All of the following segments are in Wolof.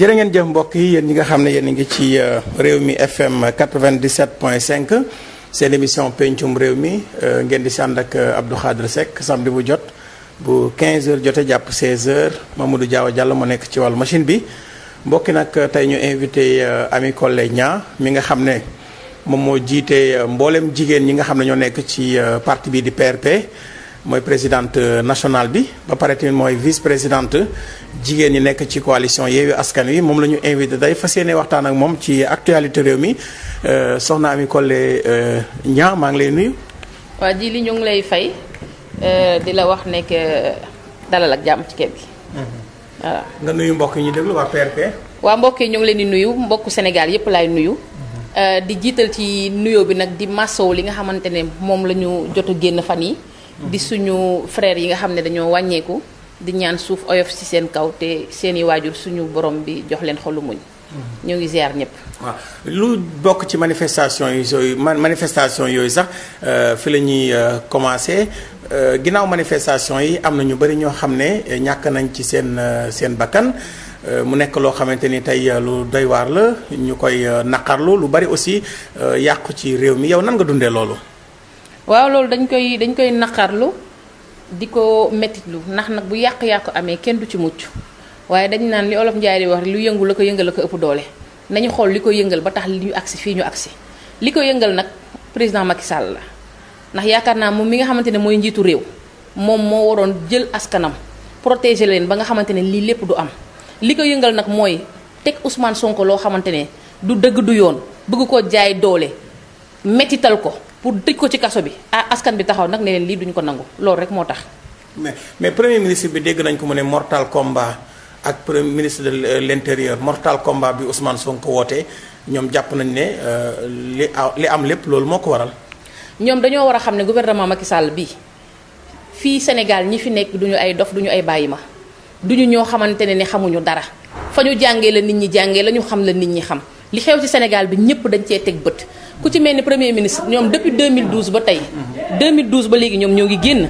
jërë ngeen jëf mbokk yi yéen ñi nga xam ne yéen a ngi ci euh, réew mi FM 97.5 seen émission pencum réew mi euh, ngeen di sànd ak euh, Abdou Khadre Seck samedi bu jot bu 15h jotee jàpp 16h Mamadou Diaw Diallo moo nekk ci wàllu machine bi. mbokki nag tey ñu invité Amy Collé ñaar mi nga xam ne moom moo jiite mboolem jigéen ñi nga xam ne ñoo nekk ci parti bii di PRP. mooy président euh, national bi ba pare tamit mooy vice présidente jigéen ñi nekk ci coalition Yewwi Askan Wi moom la ñu invité day fas yéene waxtaan ak moom ci actualité réew mi euh, soxna Amy Collé euh, Niang maa ngi lay nuyu. waa ji li ñu ngi lay fay di la wax nekk dalal ak jàmm ci mhm. nga nuyu mbokk yi ñu déglu waa waa mbokk yi ñu ngi leen di nuyu mbokku Sénégal yëpp laay nuyu. Mhm. di jiital ci nuyoo bi nag di masow li nga xamante ne moom la ñu jot génn fan yi di suñu frères yi nga xam ne dañoo wàññeeku di ñaan suuf oyof ci seen kaw te seeni waajur suñu borom bi jox leen xolumuñ mm-hmm. ñoo ngi ziar ñëpp. lu bokk ci manifestation yi yooyu man manifestation yooyu sax euh, fi la ñuy euh, commencé euh, ginnaaw manifestation yi am na ñu bëri ñoo xam ne ñàkk nañ ci seen seen bakkan mu nekk loo xamante ni tey lu doy la ñu koy naqarlu lu bëri aussi yàqu ci réew mi yow nan nga dundee loolu. waaw loolu dañ koy dañ koy naqarlu di ko metitlu ndax nag bu yàq-yàq amee kenn du ci mucc waaye dañ naan li olof Njaay di wax lu yëngu la ko yëngal la ko ëpp doole nañu xool li ko yëngal ba tax li ñu fii ñu agsi li ko yëngal nag président Macky Sall la ndax yaakaar naa moom mi nga xamante ne mooy njiitu réew moom moo waroon jël askanam protéger leen ba nga xamante ne lii lépp du am li ko yëngal nag mooy teg Ousmane Sonko loo xamante ne du dëgg du yoon bëgg ko jaay doole métital ko pour tëj ko ci kaso bi ah askan bi taxaw nag ne leen lii duñ ko nangu loolu rek moo tax. mais mais premier ministre bi dégg nañ ko mu ne mortal combat ak premier ministre de l' euh, intérieur mortal combat bi Ousmane ko wootee ñoom jàpp nañ ne euh, li li am lépp loolu moo ko waral. ñoom dañoo war a xam ne gouvernement Macky Sall bii fii Sénégal ñi fi nekk duñu ay dof duñu ay bàyyi ma duñu ñoo xamante ne ne xamuñu dara fa ñu jàngee la nit ñi jàngee la ñu xam la nit ñi xam li xew ci Sénégal bi ñëpp dañ cee teg bët. ku ci mel ni premier ministre ñoom depuis 2012 ba tey. 2012 ba léegi ñoom ñoo ngi génn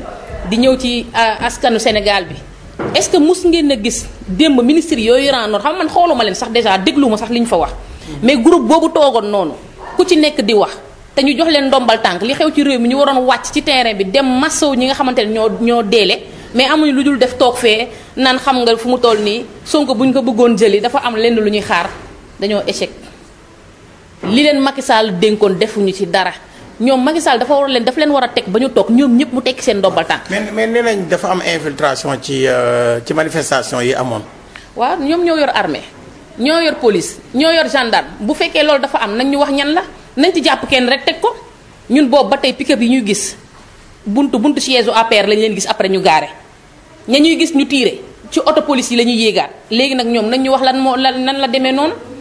di ñëw ci euh, askanu Sénégal bi est-ce que mus ngeen a gis démb ministre yooyu ràndoon xam man xooluma leen sax déjà dégluwuma sax li ñu fa wax. mais groupe boobu toogoon noonu ku ci nekk di wax. te ñu jox leen ndombal tànk li xew ci réew mi ñu waroon wàcc ci terrain bi dem massaw ñi nga xamante ne ñoo ñoo deele mais amuñu lu dul def toog fee naan xam nga fu mu toll nii bu ñu ko bëggoon jëli dafa am lenn lu ñuy xaar dañoo échec. li leen Macky Sall dénkoon defuñu ci dara ñoom Macky Sall dafa war leen dafa leen war a teg ba ñu toog ñoom ñëpp mu tekki seen ndombal tànk. mais mais nee nañ dafa am infiltration ci euh, ci manifestation yi amoon. waaw ñoom ñoo yor armée ñoo yor police ñoo yor gendarme bu fekkee loolu dafa am nañ ñu wax ñan la nañ ci jàpp kenn rek teg ko ñun boobu ba tey pick-up yi ñuy gis buntu buntu siège APR lañ leen gis après ñu gaare ña ñu gis ñu tiire ci oto police la ñuy yéegaat léegi nag ñoom nañ ñu wax lan moo lan la demee noonu.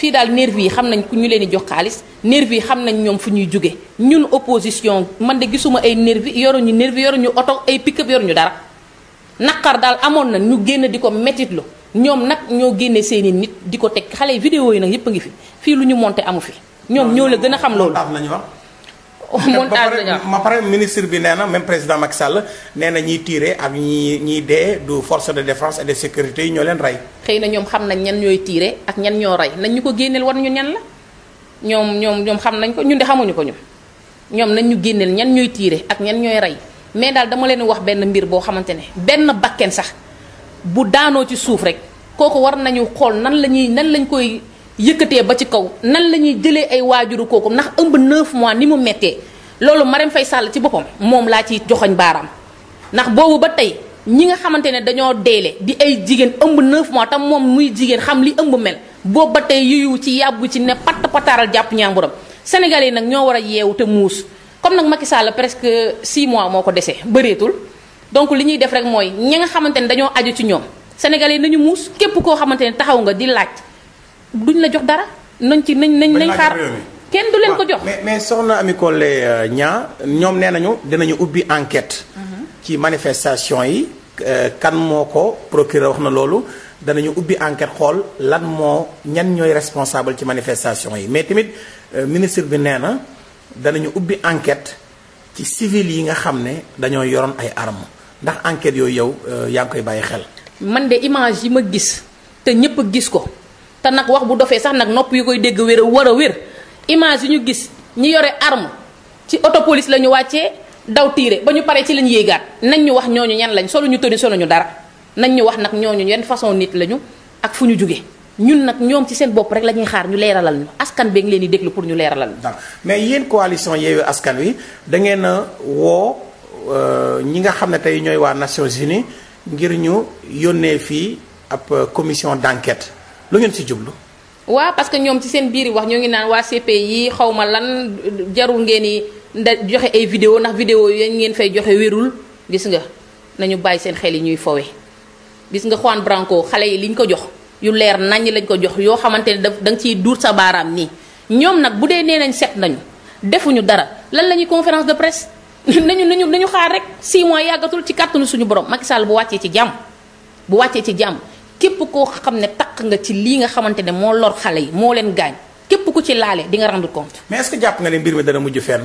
fii daal nervi yi xam nañ ku ñu leen di jox xaalis nervi yi xam nañ ñoom fu ñuy jóge ñun opposition man de gisuma ay nervi yoruñu nervi yoruñu oto ay pick-up yoruñu dara naqar daal amoon na ñu génn di ko métitlu ñoom nag ñoo génne seeni nit di ko teg xale vidéo yi nag yëpp a ngi fi fii lu ñu monté amu fi ñoom ñoo la gën a xam loolu mun ànd ma pare ministre bi nee na même président Macky Sall nee na ñiy tiire ak ñi ñiy dee du force de défense et de sécurité yi ñoo leen rey. xëy na ñoom xam nañ ñan ñooy tiire ak ñan ñoo rey nañ ñu ko génneel war ñu ñan la ñoom ñoom ñoom xam nañ ko ñun de xamuñu ko ñun ñoom nañ ñu génneel ñan ñooy tiire ak ñan ñooy rey mais daal dama leen wax benn mbir boo xamante ne benn bakken sax bu daanoo ci suuf rek kooku war nañu xool nan la ñuy nan lañ koy. yëkkatee ba ci kaw nan la ñuy jëlee ay waajuru kooku ndax ëmb 9 mois ni mu méttee loolu Marème Faye Sall ci boppam moom laa ciy joxoñ baaraam ndax boobu ba tey ñi nga xamante ne dañoo deele di ay jigéen ëmb 9 mois tam moom muy jigéen xam li ëmb boobu ba tey yuyu ci yàbbu ci ne patt pataaral jàpp ñaamburam Sénégalais yi nag ñoo war a yeewu te muus nag Macky Sall presque 6 mois moo ko dese bëreetul donc li ñuy def rek mooy ñi nga xamante ne dañoo aju ci ñoom Sénégalais yi nañu muus képp koo xamante ne taxaw nga di laaj. duñ la jox dara nañ ci nañ nañ nañ xaar kenn du leen ko jox. mais mais soxna Amy ñaa euh, ñoom nee nañu dinañu ubbi enquête. Mhm. ci manifestation yi. Euh, kan moo ko procureur wax na loolu danañu ubbi enquête xool lan moo ñan ñooy responsable ci manifestation yi mais tamit euh, ministre bi nee na danañu ubbi enquête ci civil yi nga xam ne dañoo yoroon ay armes ndax enquête yooyu yow yaa ngi koy bàyyi xel. man de image yi ma gis te ñëpp gis ko. te nag wax bu dofee sax nag nopp yu koy dégg wér a war a wér image yu ñu gis ñi yore arm ci autopolis la ñu wàccee daw tiire ba ñu paree ci lañ yéegaat nañ ñu wax ñooñu ñan lañ solu ñu tëni solu ñu dara nañ ñu wax nag ñooñu yenn façon nit lañu ak fu ñu jógee ñun nag ñoom ci seen bopp rek lañuy xaar ñu leeralal ñu askan bee ngi leen di déglu pour ñu leeralal ñu. mais yéen coalition Yewwi Askan Wi da ngeen a woo euh, ñi nga xam ne tey ñooy waa Nations Unies ngir ñu yónnee fii ab euh, commission d' enquête. lu ngeen si jublu. waa parce que ñoom ci seen biir yi wax ñoo ngi naan waa CPI xaw xawma lan jarul ngeen i nda joxe ay vidéo ndax vidéo yi ngeen fay joxe wérul gis nga nañu bàyyi seen xel yi ñuy fowe gis nga Juan Branco xale yi liñ ko jox yu leer naññ lañ ko jox yoo xamante ne daf nga ciy duur sa baaraam nii ñoom nag bu dee nee nañ set nañu defuñu dara lan la ñuy conférence de presse nañu nañu nañu xaar rek 6 mois yàggatul ci kàttanu suñu borom Macky Sall bu wàccee ci jàmm bu wàccee ci jàmm. képp koo xam ne takk nga ci lii nga xamante ne moo lor xale yi moo leen gaañ képp ku ci laale di nga rendre compte. mais est jàpp nga ne mbir mi dana mujj fenn.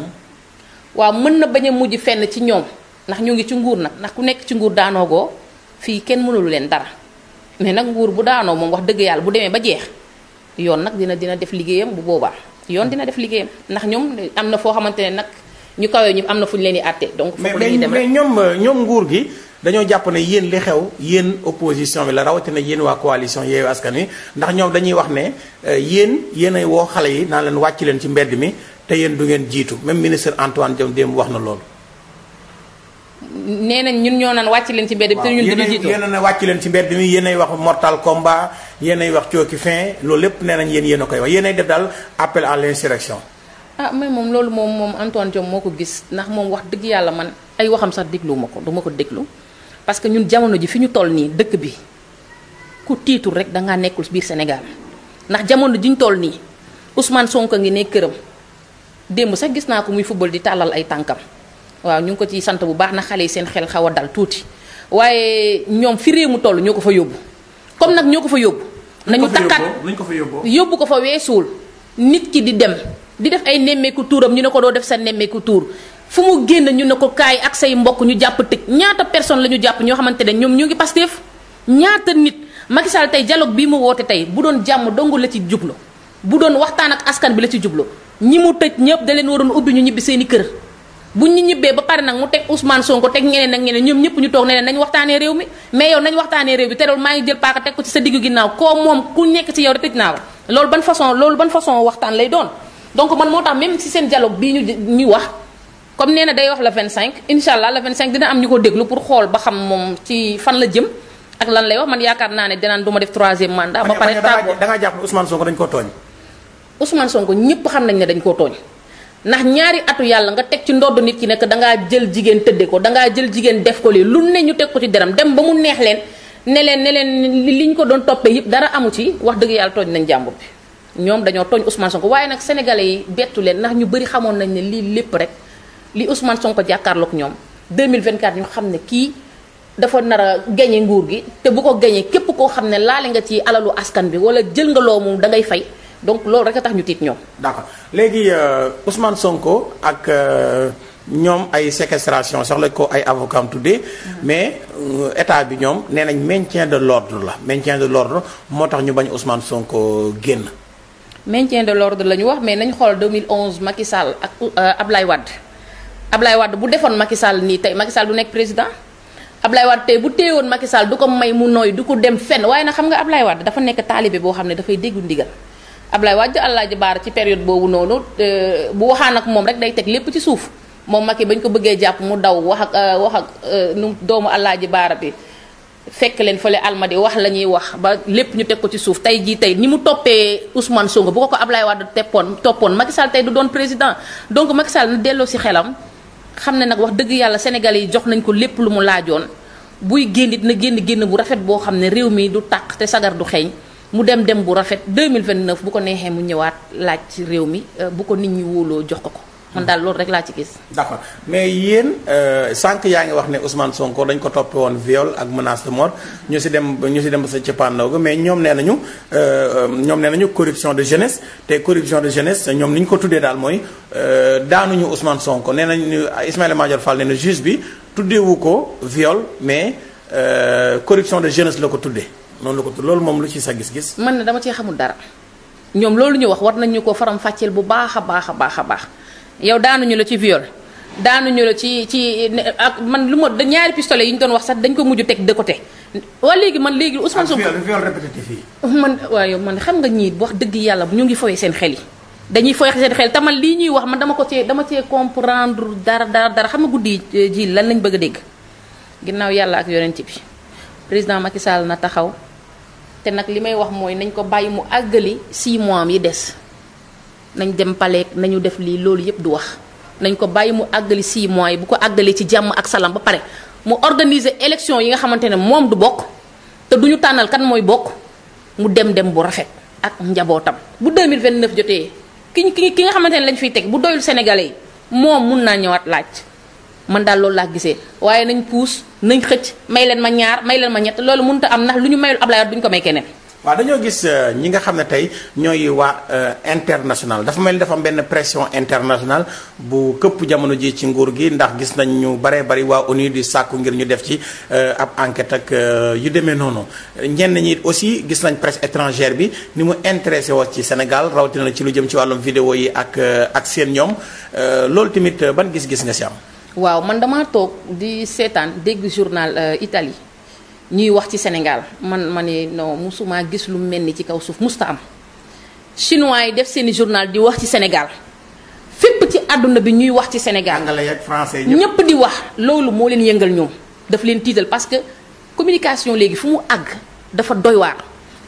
waaw mën na bañ a mujj fenn ci ñoom ndax ñu ngi ci nguur nag ndax ku nekk ci nguur daanoogoo fii kenn mënulu leen dara mais nag nguur bu daanoo moom wax dëgg yàlla bu demee ba jeex yoon nag dina dina def liggéeyam bu boobaa yoon dina def liggéeyam ndax ñoom am na foo xamante ne nag ñu kawee ñu am na fu ñu leen di àtte donc. foofu nguur gi. dañoo jàpp ne yéen li xew yéen opposition bi la rawatina yéen waa coalition Yewwi Askan Wi ndax ñoom dañuy wax ne euh, yéen ay woo xale yi naan leen wàcc leen ci mbedd mi te yéen du ngeen jiitu même ministre Antoine Diome démb wax na loolu. nee nañ ñun ñoo naan wàcc leen ci mbedd mi te ñun a wàcc leen ci mbedd mi yéenay wax mortal combat yéenay wax cooki fin loolu lépp nee nañ yéen yéen koy wax yéenay def daal appel à l'insurrection ah mais moom loolu moom moom Antoine Diome moo ko gis ndax moom wax dëgg yàlla man ay waxam sax dégluwuma ko du ko déglu parce que ñun jamono ji fi ñu toll nii dëkk bi ku tiitu rek da ngaa nekkul biir Sénégal ndax jamono ji ñu toll nii Ousmane Sonko ngi ne këram démb sax gis naa ko muy football di tàllal ay tànkam waaw ñu ngi ko ciy sant bu baax na xale yi seen xel xaw a dal tuuti waaye ñoom fi réew mu toll ñoo ko fa yóbbu comme nag ñoo ko fa yóbbu. nañu takkaat nañu ko fa yóbbu yóbbu ko fa weesuwul nit ki di dem di def ay nemmeeku tuuram ñu ne ko doo def seen nemmeeku tuur fu mu génn ñu ne ko kaay ak say mbokk ñu jàpp tëj ñaata personne la ñu jàpp ñoo xamante ne ñoom ñu ngi Pastef ñaata nit Macky Sall tey dialogue bii mu woote tey bu doon jàmm dong la ci jublu bu doon waxtaan ak askan bi la ci jublu ñi mu tëj da leen waroon ubbi ñu ñibbi seeni kër bu ñu ñibbee ba pare nag mu teg Ousmane Sonko teg ñeneen ak ñeneen ñoom ñëpp ñu toog ne leen nañ waxtaanee réew mi mais yow nañ waxtaanee réew mi te loolu maa ngi jël paaka teg ko ci sa diggu ginnaaw koo moom ku nekk ci yow rek tëj naa loolu ban façon façon waxtaan lay doon donc man moo tax même si seen dialogue bii ñu ñuy comme nee na day wax la le cinq incha allah le 25 dina am ñu ko déglu pour xool ba xam moom ci fan la jëm ak lan lay wax man yaakaar naa ne dinaan du ma def troisième mandat. ba pare tàggoo da nga jàpp ne Ousmane Sonko dañ koo tooñ. Ousmane ñëpp xam nañ ne dañ koo tooñ ndax ñaari atu yàlla nga teg ci ndodd nit ki nekk dangaa jël jigéen tëdde ko dangaa jël jigéen def ko lii lu ne ñu teg ko ci deram dem ba mu neex leen ne leen ne leen li ñu ko doon toppee yëpp dara amu ci wax dëgg yàlla tooñ nañ jàmbur bi ñoom dañoo tooñ Ousmane Sonko waaye nag sénégalais yi bettu leen ndax ñu bëri xamoon nañ ne lii lépp rek li Ousmane Sonko jàkkaarloog ñoom deux 2024 ñu xam ne kii dafa nar a gañe nguur gi te bu ko gañee képp koo xam ne laale nga ci alalu askan bi wala jël nga loo moom da ngay fay donc loolu rek a tax ñu tiit ñoom. d'accord léegi euh, Ousmane Sonko ak euh, ñoom ay séquestration sax lañ ko ay avocat tuddee mm-hmm. mais euh, état bi ñoom nee nañ maintien de l'ordre la maintien de l'ordre moo tax ñu bañ Ousmane Sonko génn. maintien de l'ordre la ñu wax mais nañ xool 2011 Macky Sall ak Ablaye Wade. ablaay Wade bu defoon Macky Sall nii tey Macky Sall du nekk président Ablaye Wade tey bu téyewoon Macky Sall du ko may mu nooy du ko dem fenn waaye na xam nga Ablaye Wade dafa nekk taalibe boo xam ne dafay déggu ndigal Ablaye Wade Alaaji Baara ci période boobu noonu euh, bu waxaan ak moom rek day teg lépp ci suuf moom Macky bañ ko bëggee jàpp mu daw wax ak euh, ak euh, nu doomu Alaaji Baara bi fekk leen fële almadi wax la ñuy wax ba lépp ñu teg ko ci suuf tey jii tey ni mu toppee Ousmane Sonko bu ko ko Ablaye Wade teppoon toppoon Macky Sall tey du doon président donc Macky Sall na delloo si xelam xam ne nag wax dëgg yàlla sénégalais yi jox nañ ko lépp lu mu laajoon buy génn it na génn génn bu rafet boo xam ne réew mii du taq te sagar du xeeñ mu dem dem bu rafet 2029 bu ko neexee mu ñëwaat laaj ci réew mi euh, bu ko nit ñi wóoloo jox ko ko. man daal loolu rek laa ci gis. d'accord mais yéen euh, sànq yaa ngi wax ne Ousmane Sonko dañ ko toppee woon viol ak menace de mort ñu si dem ñu si dem ba sa cappaandaw ga mais ñoom nee nañu euh, euh, ñoom nee nañu corruption de jeunesse te corruption de jeunesse ñoom ni ñu ko tuddee daal mooy daanuñu Ousmane Sonko nee nañu ah, Ismaïla Madior Fall nee na juge bi tuddeewu ko viole mais corruption de jeunesse la ko tuddee noonu la ko loolu moom lu ci sa gis-gis. man na dama cee xamul dara ñoom loolu ñu wax war nañu ko faram fàcceel bu baax a baax a a baax. yow daanuñu la ci viol daanuñu la ci ci ak man lu ma ñaari pistolet yi ñu doon wax sax dañ ko mujj teg de côté waa léegi man léegi Ousmane Sonko ah, viol répétitif yi man waaw man xam nga ñii wax dëgg yàlla ñu ngi foyee seen xel yi dañuy foyee seen xel tamal lii ñuy wax man dama ko cee dama cee comprendre dara dara dara xam nga guddi ji lan lañu bëgg a dégg ginnaaw yàlla ak yonent bi président Macky Sall na taxaw te nag li may wax mooy nañ ko bàyyi mu àggali 6 mois yi des nañ dem palais nañu def lii loolu yëpp du wax nañ ko bàyyi mu àggali 6 mois bu ko àggalee ci jàmm ak salam ba pare mu organiser élection yi nga xamante ne moom du bokk te du ñu tànnal kan mooy bokk mu dem dem bu rafet ak njabootam. bu 2029 jotee ki ki ki nga xamante ne lañ fiy teg bu doyul sénégalais yi moom mun naa ñëwaat laaj. man daal loolu laa gisee waaye nañ puus nañ xëcc may leen ma ñaar may leen ma ñett loolu mënut a am na lu ñu mayul Ablaye duñ ko may keneen. waaw dañoo gis euh, ñi nga xam ne tey ñooy waa euh, international dafa mel ni dafa benn pression international bu këpp jamono ji ci nguur gi ndax gis nañ ñu baree bari waa ONU di sàkku ngir ñu def ci euh, ab enquête ak yu demee noonu ñenn ñi aussi gis nañ presse étrangère bi ni mu intéressé woo ci Sénégal rawatina ci lu jëm ci wàllum vidéo yi ak ak seen ñoom loolu tamit ban gis-gis nga si am. waaw man damaa toog di seetaan dégg journal Italie. ñuy wax ci Sénégal man ma ne non musuma gis lu mel ni ci kaw suuf musta am chinois yi def seeni journal di wax ci Sénégal fépp ci àdduna bi ñuy wax ci Sénégal. anglais ak français ñëpp di wax loolu moo leen yëngal ñoom daf leen tiital parce que communication léegi fu mu àgg dafa doy waar.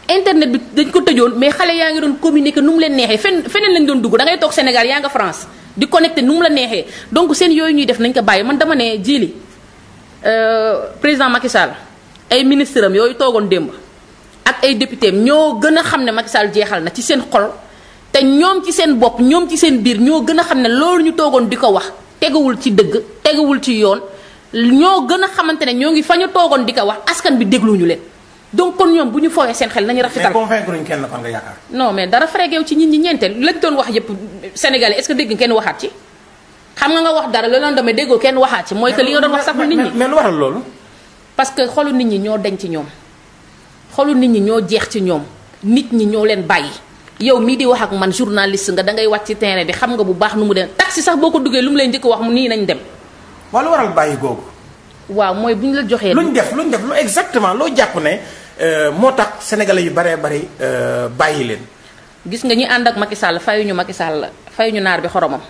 internet bi dañ ko tëjoon mais xale yaa ngi doon communiquer nu mu leen neexee fen feneen lañ doon dugg dangay ngay toog Sénégal yaa nga France di connecté nu mu la neexee donc seen yooyu ñuy def nañ ko bàyyi man dama ne jiili euh, président Macky ay ministres am yooyu toogoon démb ak ay député ñoo gën a xam ne Macky Sall jeexal na ci seen xol te ñoom ci seen bopp ñoom ci seen biir ñoo gën a xam ne loolu ñu toogoon di ko wax teguwul ci dëgg teguwul ci yoon ñoo gën a xamante ne ñoo ngi fa ñu toogoon di ko wax askan bi dégluñu leen donc kon ñoom bu ñu foowee seen xel nañu rafetal. mais kenn kon nga yaakaar. non mais dara frégew ci nit ñi ñeenteel lañ doon wax yëpp Sénégalais est-ce que kenn waxaat ci xam nga nga wax dara kenn waxaat ci mooy que li nga doon wax sax nit ñi parce que xolu nit ñi ñoo deñ ci ñoom xolu nit ñi ñoo jeex ci ñoom nit ñi ñoo leen bàyyi yow mii di wax ak man journaliste nga dangay ngay ci terrain bi xam nga bu baax nu mu dem taxi sax boo ko duggee lu mu leen njëkk wax mu nii nañu dem. wala waral bàyyi googu. waaw mooy bu ñu la joxee. luñ def luñ def lu exactement loo jàpp ne euh, moo tax sénégalais yu baree bari euh, bàyyi leen. gis nga ñi ànd ak Macky Sall fayuñu Macky Sall fayuñu naar bi xoromam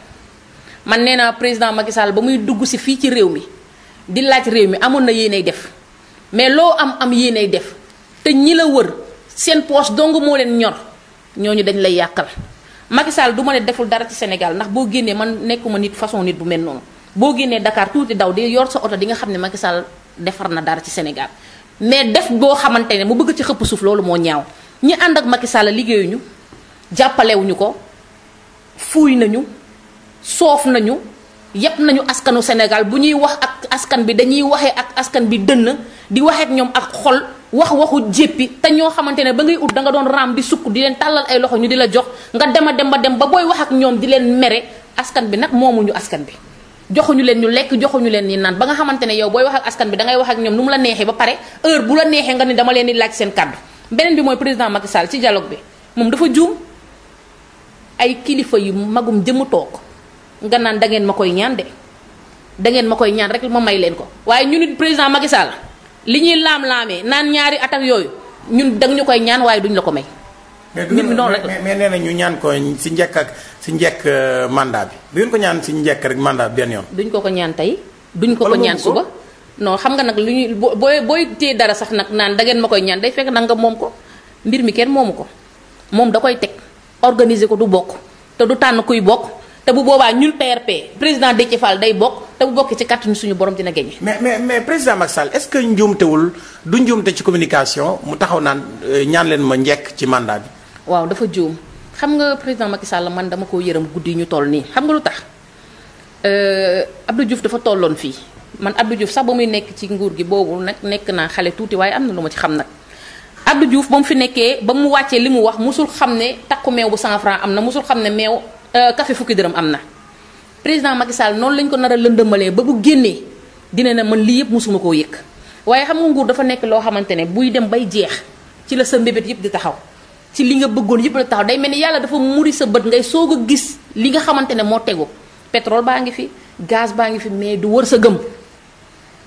man nee naa président Macky ba muy dugg si fii ci réew mi di laaj réew mi amoon na yéenay def. mais loo am am yéenay def te ñi la wër seen poche dong moo leen ñor ñooñu dañ lay yàqal Macky Sall du ne deful dara ci Sénégal ndax boo génnee man nekkuma nit façon nit bu mel noonu boo génnee Dakar tuuti daw di yor sa oto di nga xam ne Macky Sall defar na dara ci Sénégal mais def boo xamante ne mu bëgg ci xëpp suuf loolu moo ñaaw ñi ànd ak Macky Sall liggéeyuñu jàppalewuñu ko fuuy nañu soof nañu yépp nañu askanu Sénégal bu ñuy wax ak askan bi dañuy waxee ak askan bi dënn di waxee ak ñoom ak xol wax waxu jéppi te ñoo xamante ne ba ngay ut da nga doon raam di sukk di leen tàllal ay loxo ñu di la jox nga dema dem ba dem ba booy wax ak ñoom di leen mere askan bi nag moomuñu askan bi joxuñu leen ñu lekk joxuñu leen ni naan ba nga xamante ne yow booy wax ak askan bi da ngay wax ak ñoom nu mu la neexee ba pare heure bu la neexee nga ni dama leen di laaj seen kàddu beneen mooy président Macky Sall ci bi moom dafa juum ay kilifa yu magum jëmu toog nga naan da ngeen ma koy ñaan de da ngeen ma koy ñaan rek ma may leen ko waaye ñu nit président Macky Sall li ñuy laam-laamee naan ñaari at yooyu ñun da ñu koy ñaan waaye duñ la ko may. ñun noonu rek mais mais nee na ñu ñaan ko si njëkk ak si njëkk euh, mandat bi du ko ñaan si njëkk rek mandat bi benn yoon. duñ ko ko ñaan tey. duñ ko ko ñaan suba non xam nga nag li ñuy booy booy téye dara sax nag naan dangeen ma koy ñaan day fekk nag nga moom ko mbir mi kenn moomu ko moom da koy teg organiser ko du bokk te du tànn kuy bokk. te bu boobaa ñun PRP président Déthié Fall day bokk te bu bokkee ci kàttanu suñu borom dina gagné. mais mais mais président Macky Sall est-ce que njuumtewul du njuumte ci communication mu taxaw naan euh, ñaan leen ma njekk ci mandat bi. waaw dafa juum xam nga président Macky Sall man dama ko yërëm guddi yi ñu toll nii xam nga lu tax euh, Abdou Diouf dafa tolloon fii man Abdou Diouf sax ba muy nekk ci nguur gi boobu nag nekk naa xale tuuti waaye am na lu ma ci xam nag. Abdou Diouf ba mu fi nekkee ba mu wàccee li mu wax musul xam ne takku meew bu 100 am na musul xam ne meew kafe euh, fukki dërëm am na président Macky noonu lañ ko nar a lëndëmalee ba bu génnee dina ne man lii yëpp mosuma koo yëg waaye xam nga nguur dafa nekk loo xamante ne buy dem bay jeex ci la sa mbébét yëpp di taxaw ci li nga bëggoon yëpp la taxaw day mel ni yàlla dafa muri sa bët ngay soog a gis li nga xamante ne moo tegu pétrole baa ngi fi gaz baa ngi fi mais du wër sa gëm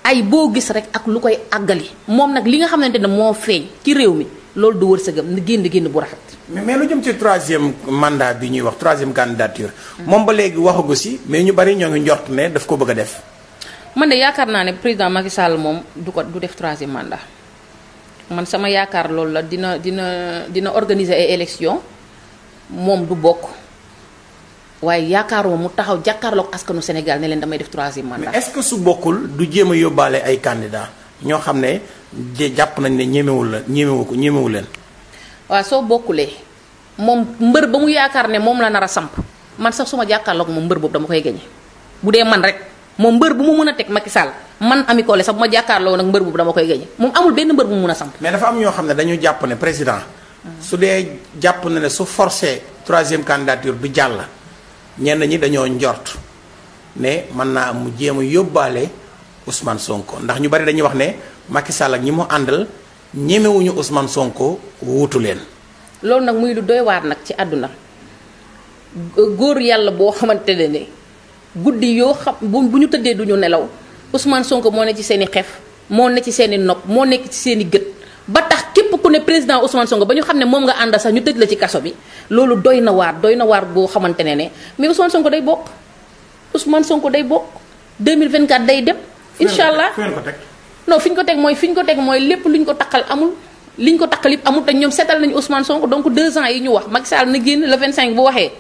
ay boo gis rek ak lu koy àggali moom nag li nga xamante ne moo feeñ ci réew mi loolu du wërsëgam ni génn génn bu raxat. mais mais lu jëm ci troisième mandat bi ñuy wax troisième candidature. moom ba léegi waxagu si mais ñu bari ñoo ngi njort ne daf ko bëgg a def. man de yaakaar naa ne président Macky Sall moom du ko du def troisième mandat man sama yaakaar loolu la dina dina dina organiser ay élections moom du bokk. waaye yaakaaroo mu taxaw jàkkaarloog askanu Sénégal ne leen damay def troisième mandat. mais est-ce que su bokkul du jéem a yóbbaale ay candidats. ñoo xam ne jàpp nañ ne ñemewul la ñemewu ko ñemewu leen. waaw soo bokkulee moom mbër ba mu yaakaar ne moom la nar a samp man sax su ma jàkkaarloog moom mbër boobu dama koy gañe bu dee man rek moom mbër bu mu mën a teg Macky Sall man Ami Collé ma jàkkaarloo nag mbër boobu dama koy gañe moom amul benn mbër bu mu mën a samp. mais dafa am ñoo xam ne dañu jàpp ne président. su dee jàpp na ne su forcé troisième candidature bi jàll ñenn ñi dañoo njort ne man naa mu jéem a yóbbaale Ousmane Sonko ndax ñu bari dañuy wax ne Macky Sall ak ñi mu àndal ñemewuñu Ousmane Sonko wuutu leen. loolu nag muy lu doy waar nag ci àdduna góor yàlla boo xamante ne ne guddi yoo xam bu ñu tëddee duñu nelaw Ousmane Sonko moo ne ci seen i xef moo ne ci seen i nopp moo nekk ci seen i gët ba tax képp ku ne président Ousmane Sonko ba ñu xam ne moom nga àndal sax ñu tëj la ci kaso bi loolu doy na waar doy na waar boo xamante ne ne mais Ousmane Sonko day bokk Ousmane Sonko day bokk 2024 day dem. incha allah ko teg non fi ñu ko teg mooy fi ñu ko teg mooy lépp li ñu ko taqal amul li ñu ko takkal yëpp amul te ñoom seetal nañu Ousmane Sonko donc deux ans yi ñu wax Macky Sall na génn le 25 bu waxee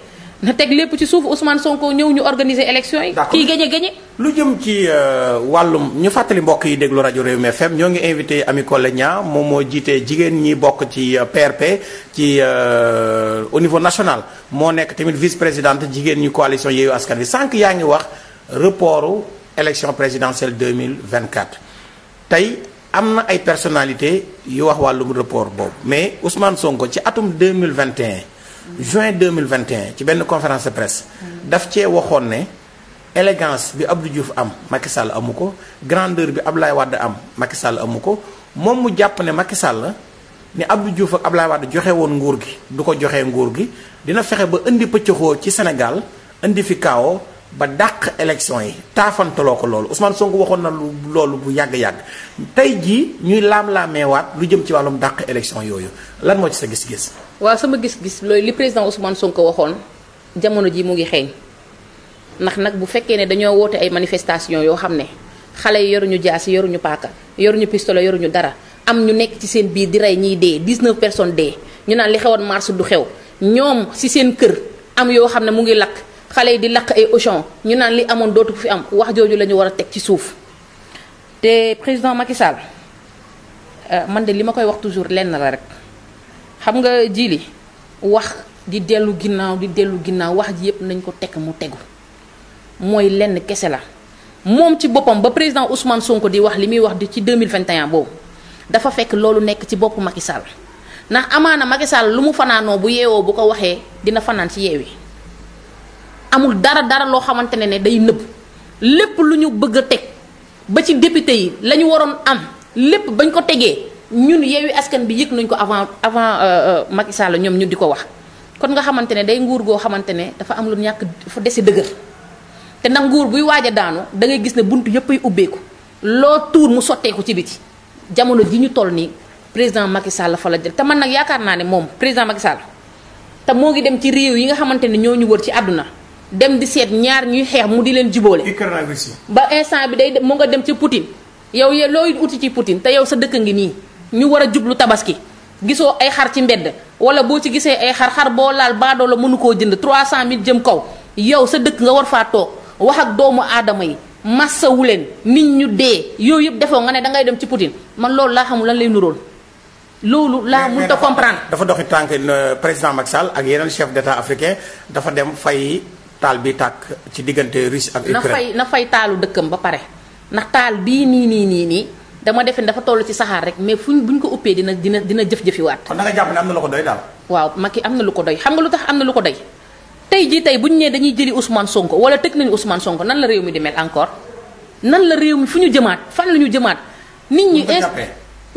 na teg lépp ci suuf Ousmane Sonko ñëw ñu organiser élection yi. kii gañe gañe lu jëm ci euh, wàllum ñu fàttali mbokk yi déglu rajo Rewmi FM ñoo ngi invité Amy Collé Niang moom moo jiite jigéen ñi bokk ci PRP euh, ci euh, au niveau national moo nekk tamit vice présidente jigéen ñi coalition Yewwi Askan Wi sànq yaa ngi wax reportu élection présidentielle 2024 tey am na ay personnalité yu wax wàllum report boobu mais Ousmane Sonko ci atum 2021 juin 2021 ci benn conférence de daf cee waxoon ne élégance bi Abdou Diouf am Macky Sall amu ko grandeur bi Abdoulaye Wade am Macky Sall amu ko moom mu jàpp ne Macky Sall ni Abdou Diouf ak Abdoulaye Wade joxe woon nguur gi du ko joxe nguur gi dina fexe ba indi pëccëxoo ci Sénégal indi fi kaawo ba dàq élection yi taafantaloo ko loolu Ousmane Sonko waxoon na lu loolu bu yàgg-yàgg tey jii ñuy laam waat lu jëm ci wàllum dàq élection yooyu lan moo ci sa gis-gis. waaw sama gis-gis looy li président Ousmane Sonko waxoon jamono ji mu ngi xeeñ ndax nag bu fekkee ne dañoo woote ay manifestation yoo xam ne xale yi yoruñu jaasi yoruñu paaka yoruñu pistolet yoruñu dara am ñu nekk ci seen biir di rey ñii dee 19 personnes dee ñu naan li xewoon mars du xew ñoom si seen kër am yoo xam ne mu ngi lakk. xale yi di lakk ay Auchan ñu naan li amoon dootu fi am wax jooju lañu war a teg ci suuf te président Macky Sall euh, man de li ma koy wax toujours lenn la rek xam nga ji li wax di dellu ginnaaw di dellu ginnaaw wax ji yépp nañ ko tek mu tegu mooy lenn kese la moom ci boppam ba président Ousmane Sonko di wax li muy wax di ci 2021 boobu dafa fekk loolu nekk ci bopp Macky Sall ndax amaana Macky Sall lu mu fanaanoo bu yeewoo bu ko waxee dina fanaan ci yeewi amul dara dara loo xamante ne ne day nëbb lépp lu ñu bëgg a teg ba ci député yi la ñu waroon am lépp bañ ko tegee ñun yeewi askan bi yëg nañ ko avant avant euh, euh, Macky Sall ñoom ñu di ko wax. kon nga xamante ne day nguur goo xamante ne dafa am lu ñàkk dafa dese dëgër te nag nguur buy waaj a daanu dangay gis ne bunt yëpp ay ubbeeku loo tuur mu sotteeku ci biti jamono ji ñu toll nii président Macky Sall fa la jël te man nag yaakaar naa ne moom président Macky Sall te moo ngi dem ci réew yi nga xamante ne ñoo ñu wër ci àdduna. dem di seet ñaar ñuy xeex mu di leen jubóole. ba instant bi day dem mu nga dem ci Poutine yow ye looy uti ci Poutine te yow sa dëkk ngi nii ñu war a jublu tabaski gisoo ay xar ci mbedd wala boo ci gisee ay xar xar boo laal baadoo la mënu koo jënd trois 300000 jëm kaw yow sa dëkk nga war faa toog wax ak doomu aadama yi massawu leen nit ñu dee yooyu yëpp defoo nga ne da ngay dem ci Poutine man loolu laa xamul lan leen nuróol. loolu laa mënut a comprendre. dafa doxi tànk euh, président Macky Sall ak yeneen chef d' état africain dafa dem fay. taal bi tàkk ci diggante Russie ak Ukraine na fay na fay taalu dëkkam ba pare ndax taal bii nii nii nii nii dama defe dafa toll ci saxaar rek mais fuñ buñ ko uppee dina dina dina jëf-jëfiwaat. kon na nga jàpp ne am na lu ko doy daal. waaw Macky am na lu ko doy xam nga lu tax am na lu ko doy tey jii tey buñ nee dañuy jëli Ousmane Sonko wala tëj nañu Ousmane Sonko nan la réew mi di mel encore nan la réew mi fu ñu jëmaat fan la ñu jëmaat. nit ñi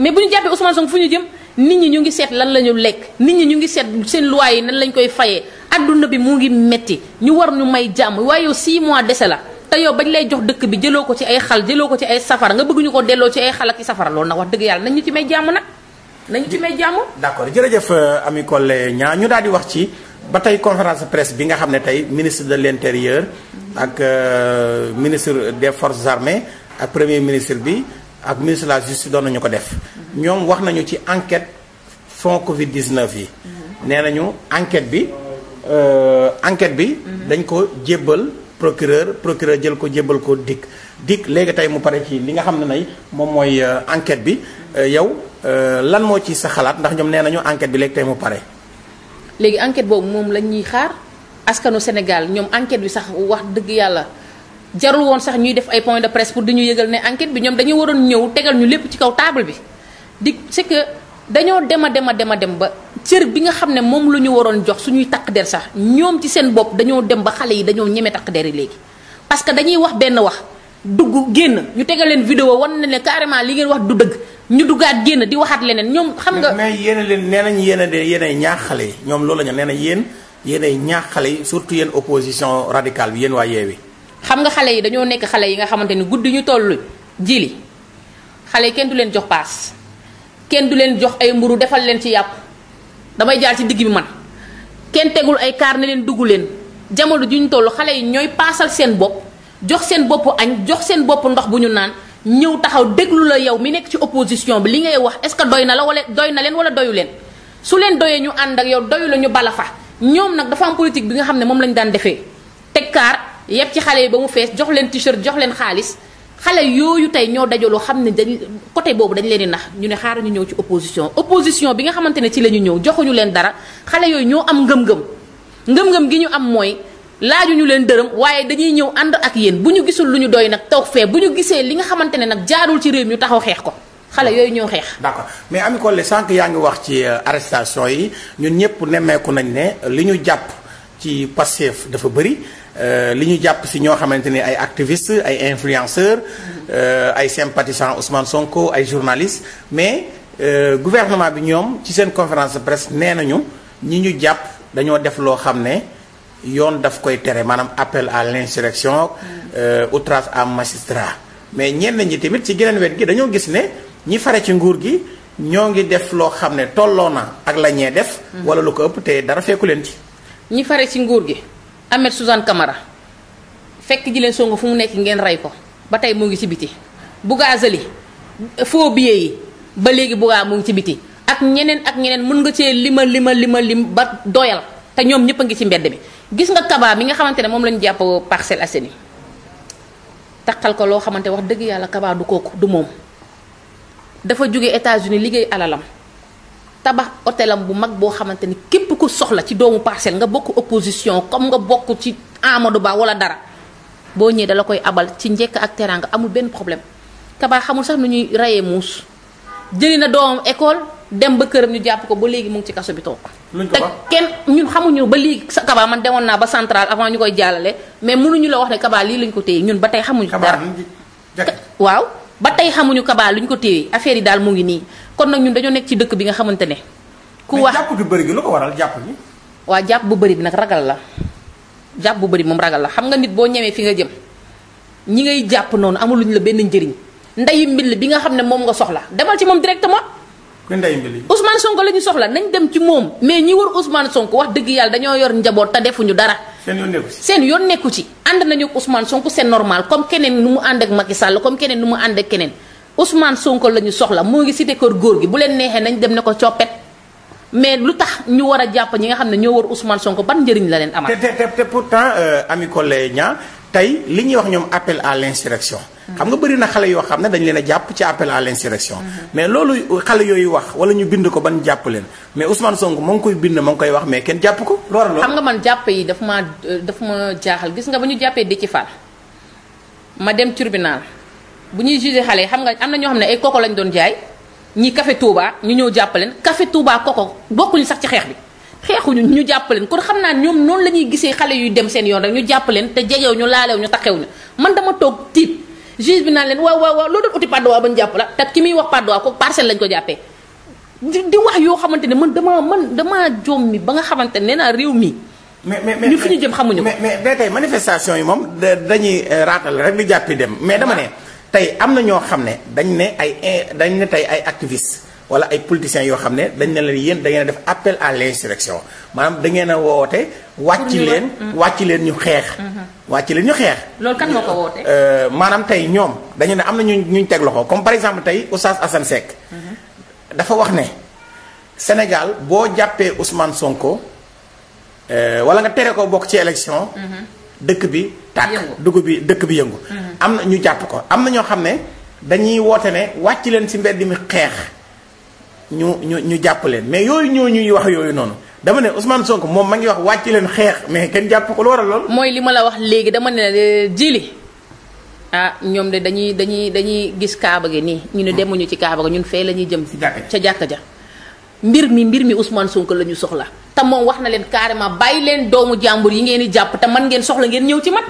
mais bu ñu jàppee Ousmane Sonko fu ñu jëm nit ñi ñu ngi seet lan la ñu lekk nit ñi ñu ngi seet seen lois yi nan lañ koy fayee adduna bi mu ngi metti ñu war ñu may jàmm waaye yow 6 mois dese la te yow bañ lay jox dëkk bi jëloo ko ci ay xal jëloo ko ci ay safara nga bëgg ko delloo ci ay xal ak i safara loolu nag wax dëgg yàlla nañ ñu ci may jàmm nag. nañ ci may jàmm. d'accord jërëjëf euh, Amy Collé ñaar ñu daal di wax ci ba tey conférence presse bi nga xam ne tey ministre de l'intérieur ak euh, ministre des forces armées ak premier ministre bi ak ministre de la justice doon nañu ko def. ñoom wax nañu ci enquête fond Covid 19 yi. nee nañu enquete bi euh, enquête bi. dañ ko jébbal procureur procureur jël ko jébbal ko dikk dikk léegi tey mu pare ci li nga xam ne nay moom mooy euh, enquête bi euh, yow lan moo ci sa xalaat ndax ñoom nee nañu enquête bi léegi tey mu pare. léegi enquête boobu moom la ñuy xaar askanu Sénégal ñoom enquête bi sax wax dëgg yàlla. jarul woon sax ñuy def ay point de presse pour di ñu yëgal ne enquête bi ñoom dañu waroon ñëw tegal ñu lépp ci kaw table bi di c'est que dañoo dem a dem a dem a dem ba cër bi nga xam ne moom lu ñu waroon jox suñuy takk der sax ñoom ci seen bopp dañoo dem ba xale yi dañoo ñeme takk der yi léegi parce que dañuy wax benn wax dugg génn ñu tegal leen vidéo wan na ne carrément li ngeen wax du dëgg ñu duggaat génn di waxaat leneen ñoom xam nga mais yéen leen nee nañ yéen a de yéen ay ñaax xale yi ñoom loolu la ñu nee nañ yéen yéen ay ñaax xale yi yéen opposition radicale bi yéen waa yeewi xam nga xale yi dañoo nekk xale yi nga xamante ni guddi ñu toll jili xale yi kenn du leen jox paas kenn du leen jox ay mburu defal leen ci yàpp damay jaar ci digg bi man kenn tegul ay kaar ne leen dugg leen jamono ju ñu toll xale yi ñooy paasal seen bopp jox seen bopp añ jox seen bopp ndox bu ñu naan ñëw taxaw déglu la yow mi nekk ci opposition bi li ngay wax est-ce que doy na la wala doy na leen wala doyu leen su leen doyee ñu ànd ak yow doyu la ñu bala fa ñoom nag dafa am politique bi nga xam ne moom lañu daan defee teg kaar yëpp ci xale yi ba mu fees jox leen t-shirt jox leen xaalis xale yooyu tey ñoo dajaloo xam ne dañ côté boobu dañ leen di nax ñu ne xaaral ñu ñëw ci opposition opposition bi nga xamante ne ci la ñu ñëw joxuñu leen dara xale yooyu ñoo am ngëm-ngëm ngëm-ngëm gi ñu am mooy laajuñu leen dërëm waaye dañuy ñëw ànd ak yéen bu ñu gisul lu ñu doy nag toog fee bu ñu gisee li nga xamante ne nag jaarul ci réew mi ñu taxaw xeex ko xale yooyu ñoo xeex. d'accord mais Amy Collé sànq yaa ngi wax ci euh, arrestation yi ñun ñëpp nemmeeku nañ ne li ñu jàpp ci Pastef dafa bëri Euh, li ñu jàpp si ñoo xamante ni ay activistes ay influenceurs euh, ay sympathisants Ousmane Sonko ay journalistes mais euh, gouvernement bi ñoom ci seen conférence de presse nee nañu ñi ñu jàpp dañoo def loo xam ne yoon daf koy tere maanaam appel à l'insurrection outrage à magistrat mais ñenn ñi tamit ci geneen wet gi dañoo gis ne ñi fare ci nguur gi ñoo ngi def loo xam ne tolloo na ak la ñee def wala lu ko ëpp te dara fekku leen ci ñi fare ci nguur gi Ahmed Suzanne kamara fekk ji leen Sonko fu mu nekk ngeen rey ko ba tey mu ngi ci biti Bouga Zali faux billets yi ba léegi Bouga mu ngi ci biti ak ñeneen ak ñeneen mën nga cee lima lima lima lim ba doyal te ñoom ñëpp a ngi ci mbedd mi gis nga Kaba mi nga xamante ne moom lañu jàpp Parcelles Assainies taqal ko loo xamante wax dëgg yàlla Kaba du kooku du moom dafa jóge États-Unis liggéey alalam tabax hôtelam bu mag boo xamante ni képp ko soxla ci doomu parcelle nga bokk opposition comme nga bokk ci Amadou Ba wala dara boo ñëwee dala koy abal ci njekk ak teraanga amul benn problème Kaba xamul sax nu ñuy rayee muus jëli na doomam école dem ba këram ñu jàpp ko ba léegi mu ngi ci kaso bi toog. te kenn ñun xamuñu ba léegi sa Kaba man demoon naa ba central avant ñu koy jàllale mais munuñu la wax ne Kaba lii lañ ko téye ñun ba tey xamuñu. dara waaw ba tey xamuñu Kaba luñ ko téye affaire yi daal mu ngi nii kon nag nga xamante ne ku wax jàpp gi bëri gi lu ko waral jàpp gi. jàpp bu bari bi nag ragal la jàpp bu bëri moom ragal la xam nga nit boo ñëwee fi nga jëm ñi ngay jàpp noonu amuluñ la benn njëriñ ndeyu mbill bi nga xam ne moom nga soxla demal ci moom directement. ku ndeyu mbill Ousmane la ñu soxla nañ dem ci moom mais ñi wër Ousmane Sonko wax dëgg yàlla dañoo yor njaboot te defuñu dara. seen yoon nekku ci seen yoon nekku ci. ànd nañu ak comme keneen nu mu ànd ak Macky Sall keneen nu mu ànd keneen Ousmane Sonko la ñu soxla moo ngi cité kër góor gi bu leen neexee nañ dem ne ko coppet mais lu tax ñu war a jàpp ñi nga xam ne ñoo war Ousmane Sonko ban njëriñ la leen amal. te te te pourtant euh, ami collègue ña tey li ñuy wax ñoom appel à l'insurrection xam nga bari na xale yoo xam ne dañ leen a jàpp ci appel à l'insurrection mm-hmm. mais loolu xale yooyu wax wala ñu bind ko ban jàpp leen mais ausman sonk moo ngi koy bind moo ngi koy wax mais kenn jàpp ko. loolu xam nga man jàpp yi daf ma euh, ma jaaxal gis nga ba ñu jàppee ci Fall ma dem tribunal bu ñuy jugé xale yi xam nga am na ñoo xam ne ay koko lañ doon jaay ñi Café Touba ñu ñëw jàppaleen Café Touba koko bokkuñu sax ci xeex bi xeexuñu ñu jàppaleen kon xam naa ñoom noonu la ñuy gisee xale yuy dem seen yoon rek ñu jàppaleen te jegew ñu laalew ñu taxew ñu man dama toog tiit juge bi naan leen waaw waaw waaw loolu doon uti padduwaa ba ñu jàpp la te ki muy wax padduwaa ko parcelle lañ ko jàppee di wax yoo xamante ne man dama man damaa joom mi ba nga xamante ne nee naa réew mi mais mais mais ñu fi ñu jëm xamuñu ko mais mais tey manifestation yi moom dañuy euh, raatal rek di jàppi dem mais dama ne tey am na ñoo xam ne dañ ne ay dañ ne tey ay activistes wala ay politiciens yoo xam ne dañ ne leen yéen da ngeen def appel à l'insurrection maanaam da ngeen a woote. wàcc leen mm. wàcc leen ñu xeex. Mm-hmm. wàcc leen ñu xeex. loolu kan moo ko woote. Euh, maanaam tey ñoom dañu ne am na ñu ñu teg loxo comme par exemple tey Oustaz Assane Seck. Mm-hmm. dafa wax ne Sénégal boo jàppee Ousmane Sonko euh, wala nga tere ko bokk ci élection. Mm-hmm. dëkk bi tàkk dugub bi dëkk bi yëngu mhm. am na ñu jàpp ko am na ñoo xam ne dañuy woote ne wàcc leen ci mbedd mi xeex ñu ñu ñu jàpp leen mais yooyu ñoo ñuy wax yooyu noonu dama ne Ousmane Sonko moom ma ngi wax wàcc leen xeex mais kenn jàpp ko lu waral lool. mooy li ma la wax léegi dama ne eh, jili ah ñoom de dañuy dañuy dañuy gis kaaba gi nii ñu ne hmm. demuñu ci kaaba gi ñun fee la ñuy jëm. ca jàkka ja. mbir mi mbir mi Ousmane Sonko la ñu soxla te moom wax na leen carrément bàyyi leen doomu jàmbur yi ngeen di jàpp te man ngeen soxla ngeen ñëw ci man.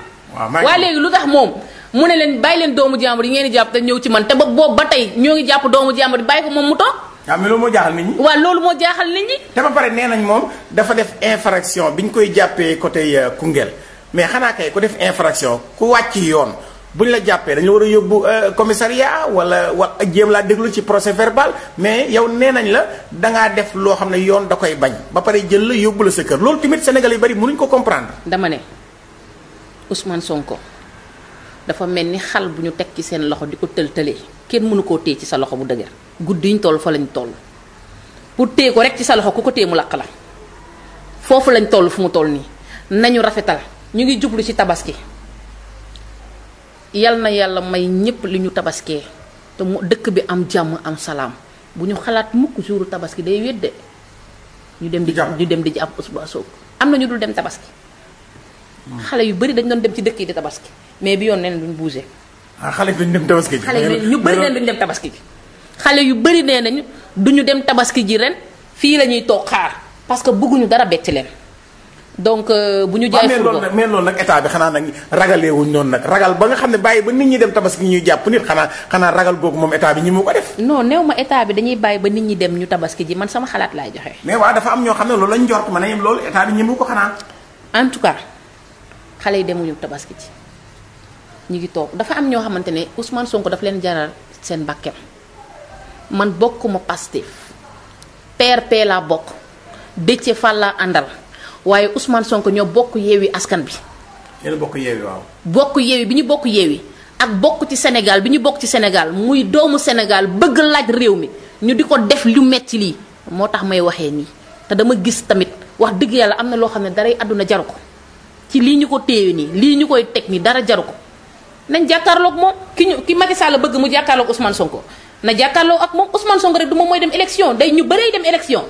waaw léegi lu tax moom mu ne leen bàyyi leen doomu jàmbur yi ngeen di jàpp te ñëw ci man te boobu ba tey ñoo ngi jàpp doomu jàmbur yi bàyyi ko moom mu toog. waaw mais loolu moo jaaxal nit ñi. waaw loolu moo jaaxal nit ñi. te ba pare nee nañ moom dafa def infraction bi ñu koy jàppee côté euh, Koungheul mais xanaa kay ku def infraction ku wàcc yoon bu ñu la jàppee dañu war a yóbbu euh, commissariat wala wa jéem laa déglu ci procès verbal mais yow nee nañ la dangaa def loo xam ne yoon da koy bañ ba pare jël la yóbbu la sa kër loolu tamit Sénégal yu bari mënuñ ko comprendre. dama ne Ousmane Sonko dafa mel ni xal bu ñu teg ci seen loxo di ko tëltëlee kenn mënu koo téye ci sa loxo bu dëgër. guddi yi ñu toll fa lañ toll pour téye ko rek ci sa loxo ku ko téye mu lakk la foofu lañ toll fu mu toll nii nañu rafetal ñu ngi jublu ci tabaski. yal na yàlla may ñëpp li ñu tabaskee te mu dëkk bi am jàmm am salaam bu ñu xalaat mukk jouru tabaski day wedde ñu dem di ñu dem di ji am usba soog am na ñu dul dem tabaski hmm. xale yu bari dañ doon dem ci dëkk yi di tabaski mais bi yoon neen duñ bougé ah, xale bi ñu dem ji xale ñu bëri neen duñu dem tabaski ji xale yu bari nee nañu duñu dem tabaski ji ren fii la ñuy toog xaar parce que bëgguñu dara betti leen donc euh, bu ñu jaay furba waaw mais loolu nag état bi xanaa nag ragalee wuñ noonu nag ragal ba nga xam ne bàyyi ba nit ñi dem tabaski ñuy jàpp nit xanaa xanaa ragal googu moom état bi ñi ko def. non néew ma état bi dañuy bàyyi ba nit ñi dem ñu tabaski ji man sama xalaat laay joxe. mais waaw dafa am ñoo xam ne loolu lañ njort ma ne loolu état bi ñi mu ko xanaa. en tout cas xale yi demuñu tabaski ji ñu ngi toog dafa am ñoo xamante ne Ousmane Sonko daf leen jaral seen bakkem man bokkuma Pastef PRP laa bokk Déthié Fall laa àndal. waaye Ousmane Sonko ñoo bokk yeewi askan bi. yéen bokk yeewi waaw. bokk yeewi bi ñu bokk yeewi ak bokk ci Sénégal bi ñu bokk ci Sénégal muy doomu Sénégal bëgg laaj réew mi ñu di ko def lu metti lii moo tax may waxee nii te dama gis tamit wax dëgg yàlla am na loo xam ne daray àdduna jaru ko ci lii ñu ko téye nii lii ñu koy teg nii dara jaru ko nañ jàkkaarloog moom ki ñu ki Macky Sall bëgg mu jàkkaarloog Ousmane Sonko na jàkkaarloog ak moom Ousmane Sonko rek du moom mooy dem élection ñu bëree dem élection.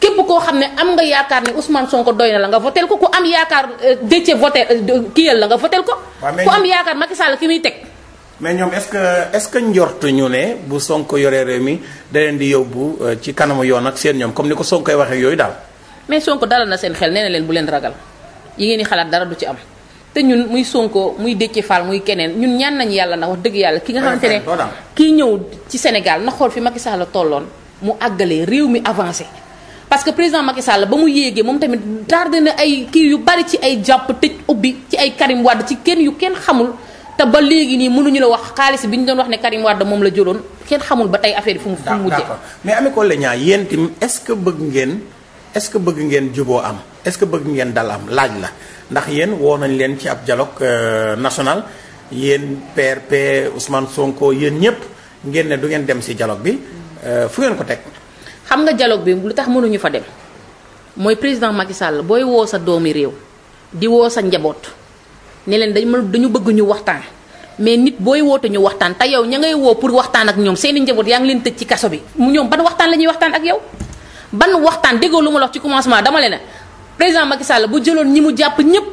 képp koo xam ne am nga yaakaar ne Ousmane Sonko doy na la nga votel ko ku am yaakaar euh, Déthié voté euh, kiyal la nga votel ko. ku am yaakaar Macky Sall ki muy teg. mais ñoom est-ce que ce que njort ñu ne bu Sonko yoree réew mi da leen di yóbbu euh, ci kanamu yoon ak seen ñoom comme ni ko Sonkoy waxee yooyu daal. mais Sonko dalal na seen xel nee leen bu leen ragal yi ngeen di xalaat dara du ci am. te ñun muy Sonko muy décce Fall muy keneen ñun ñaan nañu yàlla na wax dëgg yàlla ki nga xamante ne kii ñëw ci Sénégal na xool fi Macky Sall tolloon mu àggalee réew mi avancé parce que président Macky Sall ba mu yéegee moom tamit tardé na ay kii yu bari ci ay jàpp tëj ubbi ci ay Karim Wade ci kenn yu kenn xamul te ba léegi nii mënuñu la wax xaalis bi ñu doon wax ne Karim Wade moom la jëloon kenn xamul ba tey affaire yi fu mu fu mu mujjee mais Amy Cole Niang yéen tamit est-ce que bëgg ngeen est-ce que bëgg ngeen juboo am est-ce bëgg ngeen dal am laaj la ndax yéen woo nañ leen ci ab dialogue euh, national yéen PRP Ousmane Sonko yéen ñëpp ngeen ne du ngeen dem si dialogue bi euh, fu ngeen ko teg xam nga dialogue bi lu tax mënuñu fa dem mooy président Macky booy woo sa doomi réew di woo sa njaboot ne leen dañu dañu bëgg ñu waxtaan mais nit booy woote ñu waxtaan te yow ña ngay woo pour waxtaan ak ñoom seeni njaboot yaa ngi leen tëj ci kaso bi. mu ñoom ban waxtaan la ñuy waxtaan ak yow ban waxtaan déggoo lu ma wax ci commencement dama leen ne président Macky Sall bu jëloon ñi mu jàpp ñëpp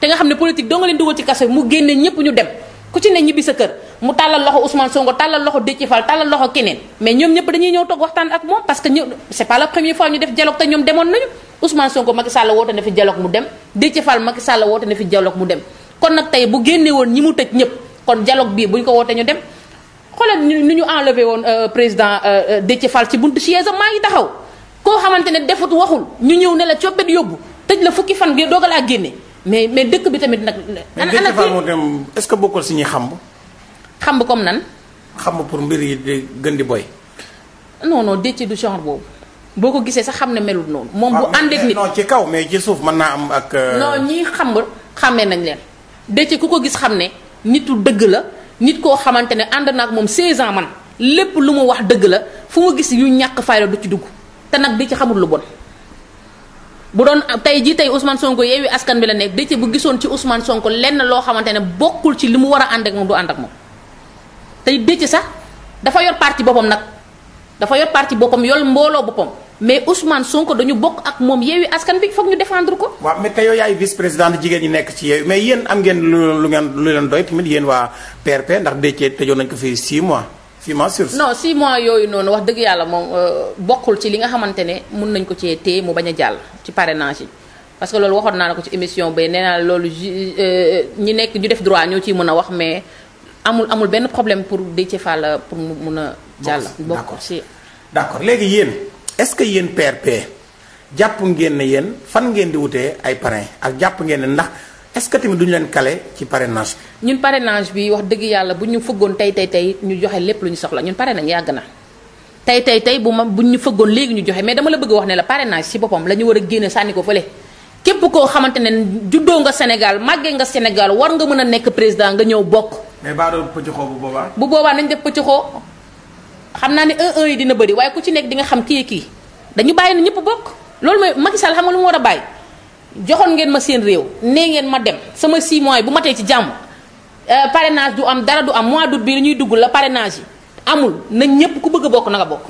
te nga xam ne politique doo nga leen dugal ci kaso bi mu génne ñëpp ñu dem ku ci ñibbi sa kër. mu tàllal loxo Ousmane Sonko tàllal loxo Déthié tàllal loxo keneen mais ñoom ñëpp dañuy ñëw toog waxtaan ak moom parce que ñëw c'est pas la première fois ñu def dialogue te ñoom demoon nañu Ousmane Sonko Macky Sall woote na fi dialogue mu dem Déthié kon nag tey bu génne woon ñi mu tëj ñëpp kon dialogue bii bu ñu ko wootee ñu dem xoolal ñu ñu enlever woon euh, président euh, euh, Déthié Fall ci buntu siège maa ngi taxaw koo xamante ne defut waxul ñu ñëw ne la coppet yóbbu tëj la fukki fan dogal a génne mais mais dëkk bi tamit nag. ana ana est-ce que bokkul si ñi xam xam xamb comme nan. xam xamb pour mbir yi di gën di boy. non non du genre boobu boo ko gisee sax xam ne melul noonu. moom bu ah, ànd ak nit non ci kaw mais ci suuf mën naa am ak. Euh, non ñiy xamb xàmmee nañ leen Déthié ku ko gis xam ne nitu dëgg la nit koo xamante ne ànd naa ak moom 16 ans man lépp lu mu wax dëgg la fu ma gis yu ñàkk fayda du ci dugg te nag Déthié xamul lu bon. bu doon tey jii tey Ousmane Sonko yeewi askan bi la nekk Déthié bu gisoon ci usman sonk lenn loo xamante ne bokkul ci li mu war a ànd ak moom ànd ak moom. tey Déthié sax dafa yor parti boppam nag dafa yor parti boppam yooyu mbooloo boppam mais Ousmane Sonko dañu bokk ak moom Yewwi Askan bi foog ñu defendre ko. waaw mais te yow yaay vice président jigéen ñi nekk ci Yewwi mais yéen am ngeen lu lu ngeen lu leen doy tamit yéen waa mois. 6 mois yooyu noonu wax dëgg yàlla moom euh, bokkul ci li nga xamante ne mun nañ ko cee téye mu bañ a jàll ci parrainage yi. parce que loolu waxoon naa la ko ci émission ba neenaan naa loolu euh, ñi nekk ñu def droit ñoo ciy mën a wax mais. amul amul benn problème pour Déthié Fall euh, pour mu mun a. jàll bokk si d' accord léegi yéen est ce que yéen PRP jàpp ngeen ne yéen fan ngeen di wutee ay parrain ak jàpp ngeen ne ndax est ce que tamit du leen kale ci parrainage ñun parenage bi wax dëgg yàlla bu ñu fëggoon tey tey tey ñu joxe lépp lu ñu soxla ñun pare nañ yàgg na. tey tey tey bu ma bu ñu fëggoon léegi ñu joxe mais dama la bëgg wax ne la parrainage ci boppam lañu war a génne sànni ko fële képp koo xamante ne juddoo nga Sénégal màggee nga Sénégal war nga mën a nekk président nga ñëw bokk mais baa doon pëccëxoo bu boobaa. bu boobaa nañ def pëccëxoo xam naa ne un un yi dina bëri waaye ku ci nekk di nga xam kii kii dañu bàyyi nañ ñëpp bokk loolu mooy Macky Sall xam nga lu mu war a bàyyi joxoon ngeen ma seen réew nee ngeen ma dem sama 6 mois yi bu ma ci jàmm euh, parenage du am dara du am mois d'août bi dañuy dugg la parrainage yi amul nañ ñëpp ku bëgg a bokk na nga bokk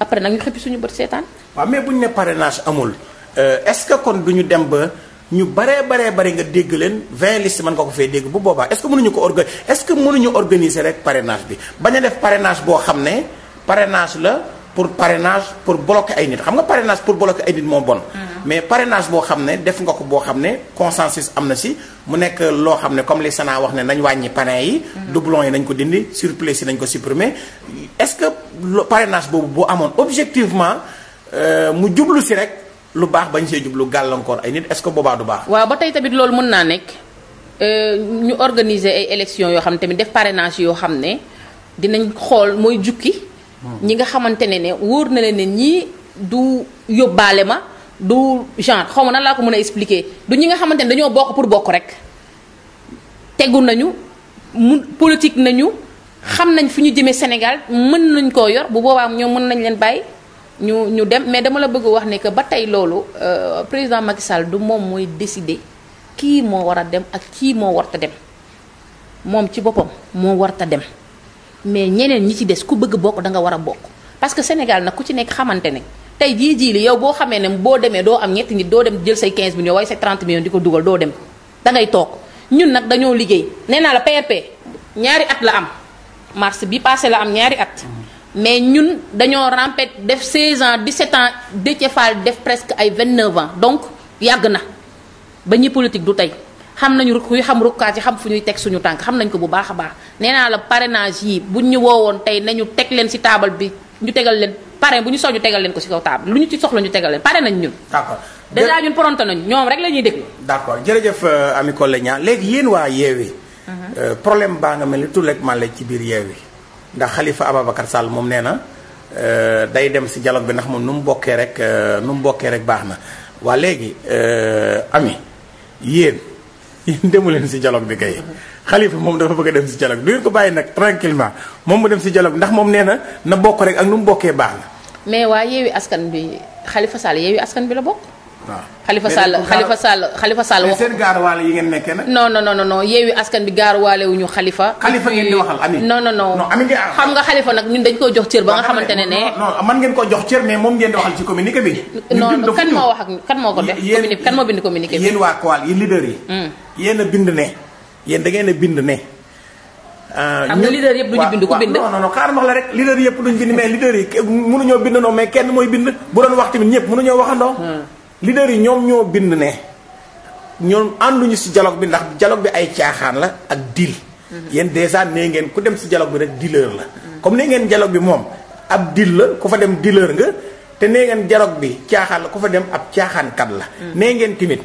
après nag ñu xëppi suñu bët seetaan. waaw mais bu ñu ne parrainage amul euh, est-ce que kon du ñu dem ba. ñu baree baree bari nga dégg leen 20 listes mën nga ko fee dégg bu boobaa est-ce que mënuñu ko orga est-ce que mënuñu organiser rek parrainage bi bañ a def parrainage boo xam ne parrainage la pour parrainage pour bloquer ay nit xam nga parrainage pour bloquer ay nit moo bon. Mm. mais parrainage boo xam ne def nga ko boo xam ne consensus am na si mu nekk loo xam ne comme li Sana wax ne nañ wàññi parrain yi. Mm. doublon yi nañ ko dindi surplus yi nañ ko supprimer est-ce que parrainage boobu euh, si lu baax bañ see jublu gàllankoor ay nit est que boobaa du baax. waaw ba tey tamit loolu mën naa nekk euh, ñu organiser ay élections yoo xam tamit def parrainage yoo xam ne dinañ xool mooy jukki. Hmm. ñi nga xamante ne ne wóor na leen ne ñii du yóbbaale ma du genre xaw ma nan laa ko mën a expliquer du ñi nga xamante ne dañoo bokk pour bokk rek tegu nañu mu politique nañu xam nañ fi ñu jëmee Sénégal mën nañ koo yor bu boobaa ñoom mën nañ leen bàyyi. ñu ñu dem mais dama la bëgg wax ne que ba tey loolu euh, président Macky Sall du moom mooy décider kii moo war a dem ak kii moo warta dem moom ci boppam moo warta dem mais ñeneen ñi ci des ku bëgg bokk da nga war a bokk parce que Sénégal nag ku ci nekk xamante ne tey jii jii li yow boo xamee ne boo demee doo am ñetti nit doo dem jël say 15 millions waaye say trente millions di ko dugal doo dem dangay toog ñun nag dañoo liggéey nee naa la PRP ñaari at la am mars bi passé la am ñaari at. mais ñun dañoo rampé def 16 ans 17 ans Déthié Fall def presque ay 29 ans donc yàgg na ba ñi politique du tey xam nañu rukk yu xam rukkaat yi xam fu ñuy teg suñu tànk xam nañ ko bu baax a baax nee naa la parrainage yi buñ ñu woowoon tey nañu teg leen ci taabal bi ñu tegal leen parrain bu ñu soxla tegal leen ko ci kaw taabal lu ñu ci soxla ñu tegal pare nañ ñun. d'accord déjà ñun pronto nañ ñoom rek la ñuy déglu. d'accord jërëjëf euh, ami Collé Niang léegi yéen waa Yewwi. Mhm. Euh, problème baa nga mel ni tout le man lañ ci biir Yewwi ndax xalifa Ababacar Sall moom nee na euh, day dem si jaloog bi ndax moom nu mu bokkee rek euh, nu mu bokkee rek baax na waa léegi euh, ami yéen yéen demu leen si dialogue bi kay. Khalifa moom dafa bëgg a dem si dialogue du ngeen ko bàyyi nag tranquillement moom mu dem si dialogue ndax moom nee na na bokk rek ak nu mu bokkee baax na. mais waa yeewi askan bi xalifa Sall yeewi askan bi la bokk. waaw xalifa Sall xalifa Sall xalifa Sall wax seen gaaruwaale yi ngeen nekkee nag. non non non non yeewi askan bi gaaruwaale wu ñu xalifa. xalifa ngeen di waxal ami. non non non ami ngeen nga xalifa nag ñun dañ koo jox cër ba nga xamante ne ne. non man ngeen ko jox cër mais moom ngeen di waxal ci communiqué bi. non kan bind communiqué a hmm. a bind ne. Euh, xam nga leader yëpp kenn mooy bind bu doon wax tamit ñëpp mënuñoo waxandoo hmm. leader yi ñoom ñoo bind ne ñoom ànduñu si dialogue bi ndax jaloog bi ay caaxaan la ak deal. Mhm. yéen déjà nee ngeen ku dem si jaloog bi rek dealer la. Mhm. comme nee ngeen dialogue bi moom ab dil la ku fa dem dealer nga te nee ngeen dialogue bi caaxaan la ku fa dem ab caaxaankat la. Mhm. nee ngeen tamit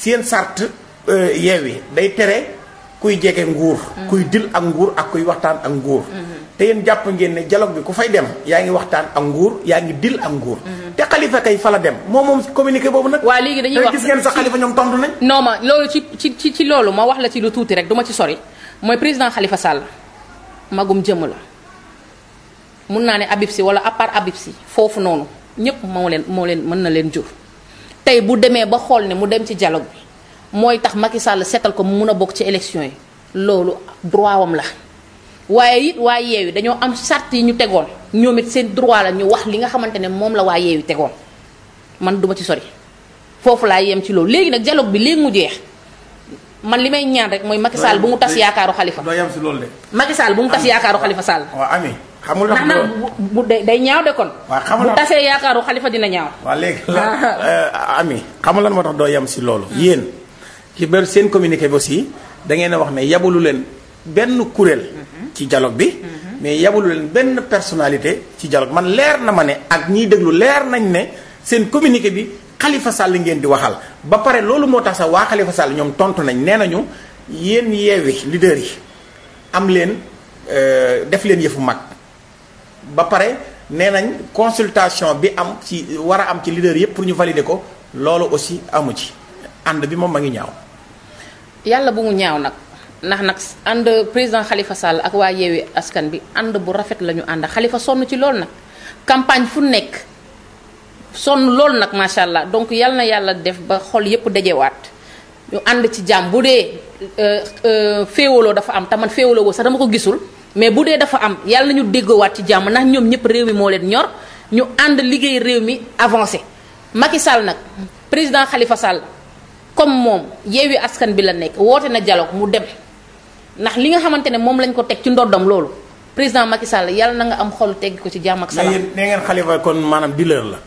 seen sart euh, yeewi day tere kuy jege nguur. kuy dil ak nguur ak kuy waxtaan ak nguur. te yéen jàpp ngeen ne dialogue bi ku fay dem yaa ngi waxtaan ak nguur yaa ngi dil ak nguur. Mhm. te xalifa kay fala dem moo moom communiqué boobu nag. waaw léegi dañuy eh, wax gis ngeen sax xalifa ñoom tontu nañ. non ma loolu ci ci ci loolu ma wax la ci lu tuuti rek du ci sori mooy président Khalifa Sall magum jëmm la mun naa ne Habib Sy wala à part Habib foofu noonu ñëpp moo leen moo leen mën na leen jur. tey bu demee ba xool ne mu dem ci dialogue bi mooy tax Macky Sall seetal ko mu mun a bokk ci élection yi loolu droit la. waaye it waa yeewi dañoo am charte yi ñu tegoon ñoom it seen droit la ñu wax li nga xamante ne moom la waa yeewi tegoon man duma ci sori foofu laa yem ci loolu léegi nag dialogue bi léegi mu jeex man li may ñaan rek mooy Macky Sall bu mu tas yaakaaru Khalifa. doo yem loolu de. Macky mu tas yaakaaru Khalifa Sall. waaw ami xamul ndax bu day ñaaw de kon. waaw xamul bu tasee yaakaaru Khalifa dina ñaaw. waaw léegi euh, ami xamul lan moo doo yem si loolu. yéen ci biir seen communiqué bi aussi da ngeen a wax ne yabulu leen benn kuréel. ci dialogue bi. Mhm. mais yabalu leen benn personnalité ci dialogue man leer na ma ne ak ñiy déglu leer nañ ne seen communiqué bi xalifa Sall ngeen di waxal. ba pare loolu moo tax sax waa Khalifa Sall ñoom tontu nañ nee nañu yéen yeewi leader yi am leen euh, def leen yëfu mag ba pare nee nañ consultation bi am ci war a am ci leader yëpp pour ñu valider ko loolu aussi amu ci ànd bi moom ma ngi ñaaw. yàlla bu mu ñaaw nag. ndax nag ànd président xalifa Sall ak waa yeewi askan bi ànd bu rafet la ñu ànd xalifa sonn ci loolu nag campagne fu nekk sonn loolu nag macha allah donc yal na yàlla def ba xol yépp dajewaat ñu ànd ci jàmm bu dee euh, euh, féewaloo dafa am te man féewaloo woo sax dama ko gisul mais bu dee dafa am yàlla na ñu déggowaat ci jàmm ndax ñoom ñëpp réew mi moo leen ñor ñu ànd liggéey réew mi avancé Macky Sall nag président xalifa Sall comme moom yeewi askan bi la nekk woote na dialogue mu dem. ndax li nga xamante ne moom lañ ko teg ci ndoddam loolu président Macky Sall yàlla na nga am xolu teg ko ci jàmm ak salaam. mais yéen nee ngeen Khalifa kon maanaam dealer la.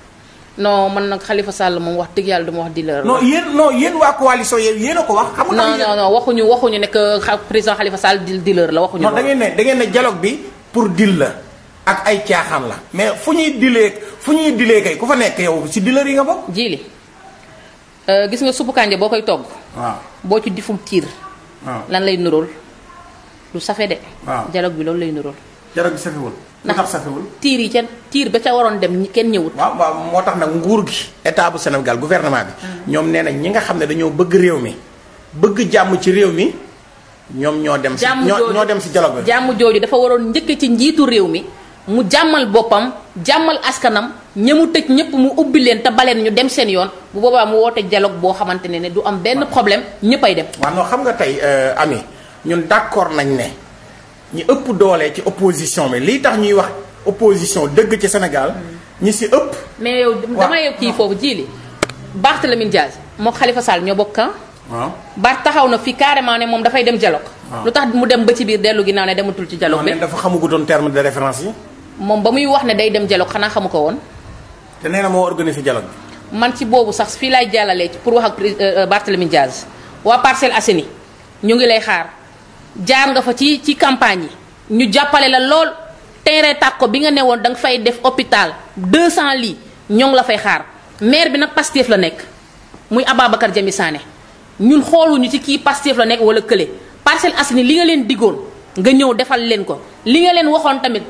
non man nag xalifa sàll moom wax dëgg yàlla dama wax dealer la. non yéen non yéen waa coalition yéen a ko wax. xam nga non non ne président Khalifa Sall di dealer la waxuñu. non da ngeen ne da ne dialogue bi pour deal la ak ay caaxaan la mais fu ñuy dilee fu ñuy dilee kay ku fa nekk yow si dealer yi nga bokk. jiili euh, gis nga suppu kànja boo koy togg. boo ci diful tiir. lan lay nuróol. lu safe de. waaw bi loolu lay nurool. dialogue bi safewul. lu tiir yi ca tiir ba ca waroon dem kenn ñëwut. waaw waaw moo tax nag nguur gi. état bu Sénégal gouvernement bi. Hmm. ñoom nee na ñi nga xam ne dañoo bëgg réew mi bëgg jàmm ci réew mi. ñoom ñoo dem si ñoo dem si dialogue bi jàmm jooju dafa waroon njëkk ci njiitu réew mi mu jàmmal boppam jàmmal askanam ña mu tëj ñëpp mu ubbi leen te baleen ñu dem seen yoon bu boobaa mu woote dialogue boo xamante ne ne du am benn problème ñëppay dem. waaw non xam nga tey euh, ami ñun d'accord nañ ne ñu ëpp doole ci opposition bi lii tax ñuy wax opposition dëgg ci Sénégal ñi si ëpp. mais yow dama yow kii foofu jiili Barthélémy Dias moo xalifa saal ñoo bokk kan. waaw taxaw na fi carrément ne moom dafay dem dialogue. lu tax mu dem ba ci biir dellu ginnaaw ne dematul ci dialogue bi. dafa xamagutoon terme de référence moom ba muy wax ne day dem dialogue xanaa xamu ko woon. te nee na moo organisé dialogue bi. man ci boobu sax fii laay jàllalee pour wax ak euh, euh, Barthélémy Dias waa Parcelles Assainies ñu ngi lay xaar. jaar nga fa ci ci campagne yi ñu jàppale la lool tere terrain ko bi nga newoon da nga fay def deux 200 lii ñoo ngi la fay xaar maire bi nag Pastef la nekk muy Ababacar Jami Sané ñun xooluñu ci kii Pastef la nekk wala kële Parcelles Assainies li nga leen diggoon nga ñëw defal leen ko li nga leen waxoon tamit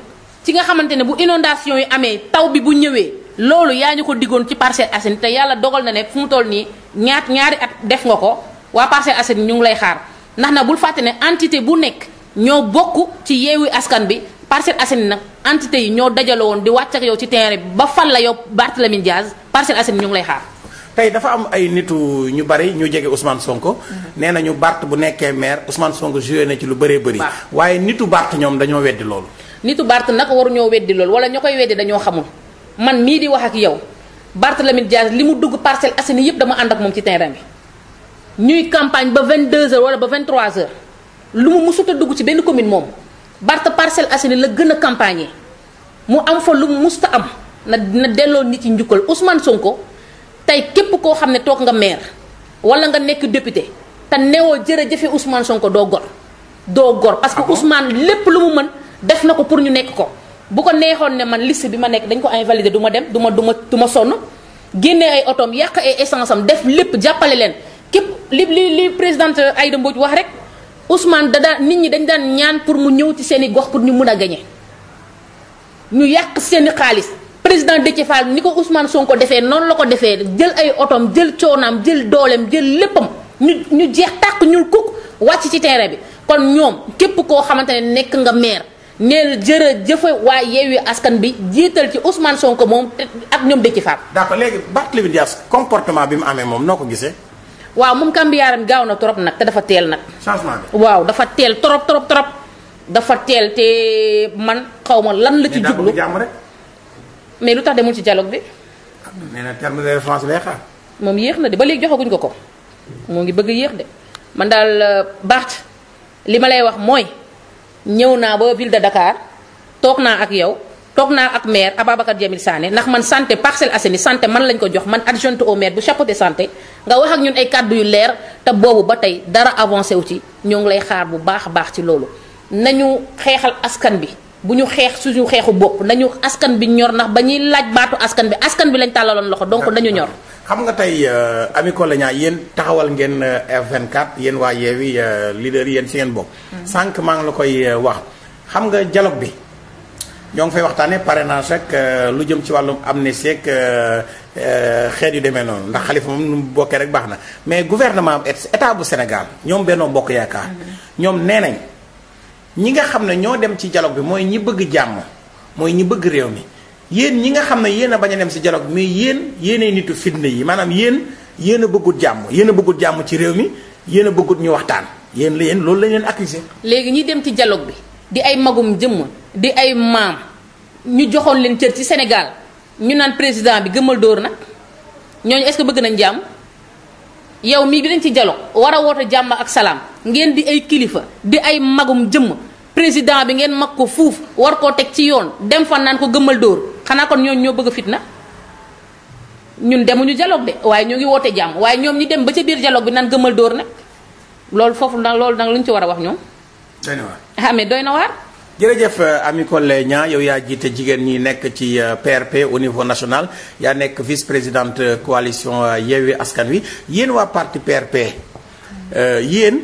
ci nga xamante ne bu inondation yi amee taw bi bu ñëwee loolu yaa ñu ko diggoon ci Parcelles Assainies te yàlla dogal na ne fu mu toll nii ñaat ñaari at def nga ko waa Parcelles Assainies ñu lay xaar ndax na bul fàtte ne entité bu nekk ñoo bokk ci yeewi askan bi Parcelles Assainies nag entité yi ñoo dajale woon di wàcc ak yow ci terrain bi ba fan la yow Barthélémy Diaz Parcelles Assainies ñu ngi lay xaar. tey dafa am ay nitu ñu bari ñu jege Ousmane Sonko. Mhm. nee nañu Bart bu nekkee maire Ousmane Sonko joué na ci lu bëree bëri. waaye nitu Bart ñoom dañoo weddi loolu. nitu Bart nag waruñoo weddi loolu wala ñoo koy weddi dañoo xamul man mii di wax ak yow Barthélémy Diaz li mu dugg Parcelles Assainies yëpp dama ànd moom ci terrain bi. ñuy campagne ba 22h wala ba 23h lu mu musut dugg ci benn commune moom Barth Parcelles Assainies la gën a campagner mu am fa lu mu musut am na na delloo nit yi njukkal Ousmane Sonko tey képp koo xam ne toog nga maire wala nga nekk député te newoo jërëjëfe Ousmane Sonko doo gor. doo gor parce que ah Ousmane lépp lu mu mën def na ko pour ñu nekk ko bu ko neexoon ne man liste bi ma nekk dañ ko invalider du ma dem du ma du ma ma sonn génne ay otoom yàq ay essence am def lépp jàppale leen. képp li li li présidente Aïda Mbodj wax rek Ousmane da daan nit ñi dañ daan ñaan pour mu ñëw ci seeni gox pour ñu mun a gañe ñu yàq seen i xaalis président Déthié Fall ni ko Ousmane ko defee noonu la ko defee jël ay otoom jël coonaam jël dooleem jël léppam ñu ñu jeex tàkk ñul kuk wàcc ci terrain bi kon ñoom képp koo xamante ne nekk nga maire neel jërëjëf waa Yewwi Askan bi jiital ci Ousmane ko moom ak ñoom Déthié Fall. d'accord léegi Barthélémy Dias comportement bi mu amee moom noo ko gisee. waaw moom kambiyaaram gaaw na trop nag te dafa teel nag. changement waaw dafa teel trop trop trop. dafa teel te man xawma lan la ci jublu mais lu tax demul ci dialogue bi. nee moom yéex na de ba léegi joxaguñ ko ko moo ngi bëgg yéex de man daal euh, Barth li ma lay wax mooy ñëw naa ba ville de Dakar toog naa ak yow. toog naa ak maire Ababacar Jamil Sané ndax man santé Parcelles Assainies santé man lañ ko jox man adjointe au maire bu chapeauté santé nga wax ak ñun ay kàddu yu leer te boobu ba tey dara avancé wu ci ñoo ngi lay xaar bu baax a baax ci loolu nañu xeexal askan bi bu ñu xeex su suñu xeexu bopp nañu askan bi ñor ndax ba ñuy laaj baatu askan bi askan bi lañ tàllaloon loxo donc nañu ñor. xam nga tey euh, Amy Collé Niang yéen taxawal ngeen euh, F24 yéen waa Yewwi euh, leader yéen si ngeen bokk. Mm. sànq maa ngi ñoo ngi fay waxtaanee parrainage ak euh, lu jëm ci wàllu am ne amnistie ak euh, euh, xeet yu demee noonu ndax xalifa moom nu mu bokkee rek baax na mais guvernement et si état bu Sénégal ñoom Benno Bokk Yaakaar mhm. ñoom nee nañ ñi nga xam ne ñoo dem ci jaloog bi mooy ñi bëgg jàmm mooy ñi bëgg réew mi yéen ñi nga xam ne yéen a bañ a dem si dialogue mais yéen yéenay nitu fitna yi maanaam yéen yéen a bëggut jàmm yéen a bëggut jàmm ci réew mi yéen a bëggut ñu waxtaan yéen la yéen loolu lañ leen accusé léegi ñi dem ci dialogue bi di ay magum jëmm di ay maam ñu joxoon leen cër ci Sénégal ñu naan président bi gëmal dóor nag ñooñu est-ce que bëgg nañ jàmm yow mii bi dañ ci dialogue war a woote jàmm ak salaam ngeen di ay kilifa di ay magum jëmm président bi ngeen mag ko fuuf war koo teg ci yoon dem fan naan ko gëmal dóor xanaa kon ñooñu ñoo bëgg fitna ñun dem demuñu dialogue de waaye ñoo ngi woote jàmm waaye ñoom ñi dem ba ca biir dialogue bi naan gëmal dóor nag loolu foofu nag loolu nag lu ci war a wax ñoom. doy na waar ah mais doy na waar. jërëjëf euh, Amy Collé Niang yow yaa jiite jigéen ñi nekk ci PRP euh, au niveau national yaa nekk vice présidente euh, coalition Yewwi Askan Wi yéen waa parti PRP yéen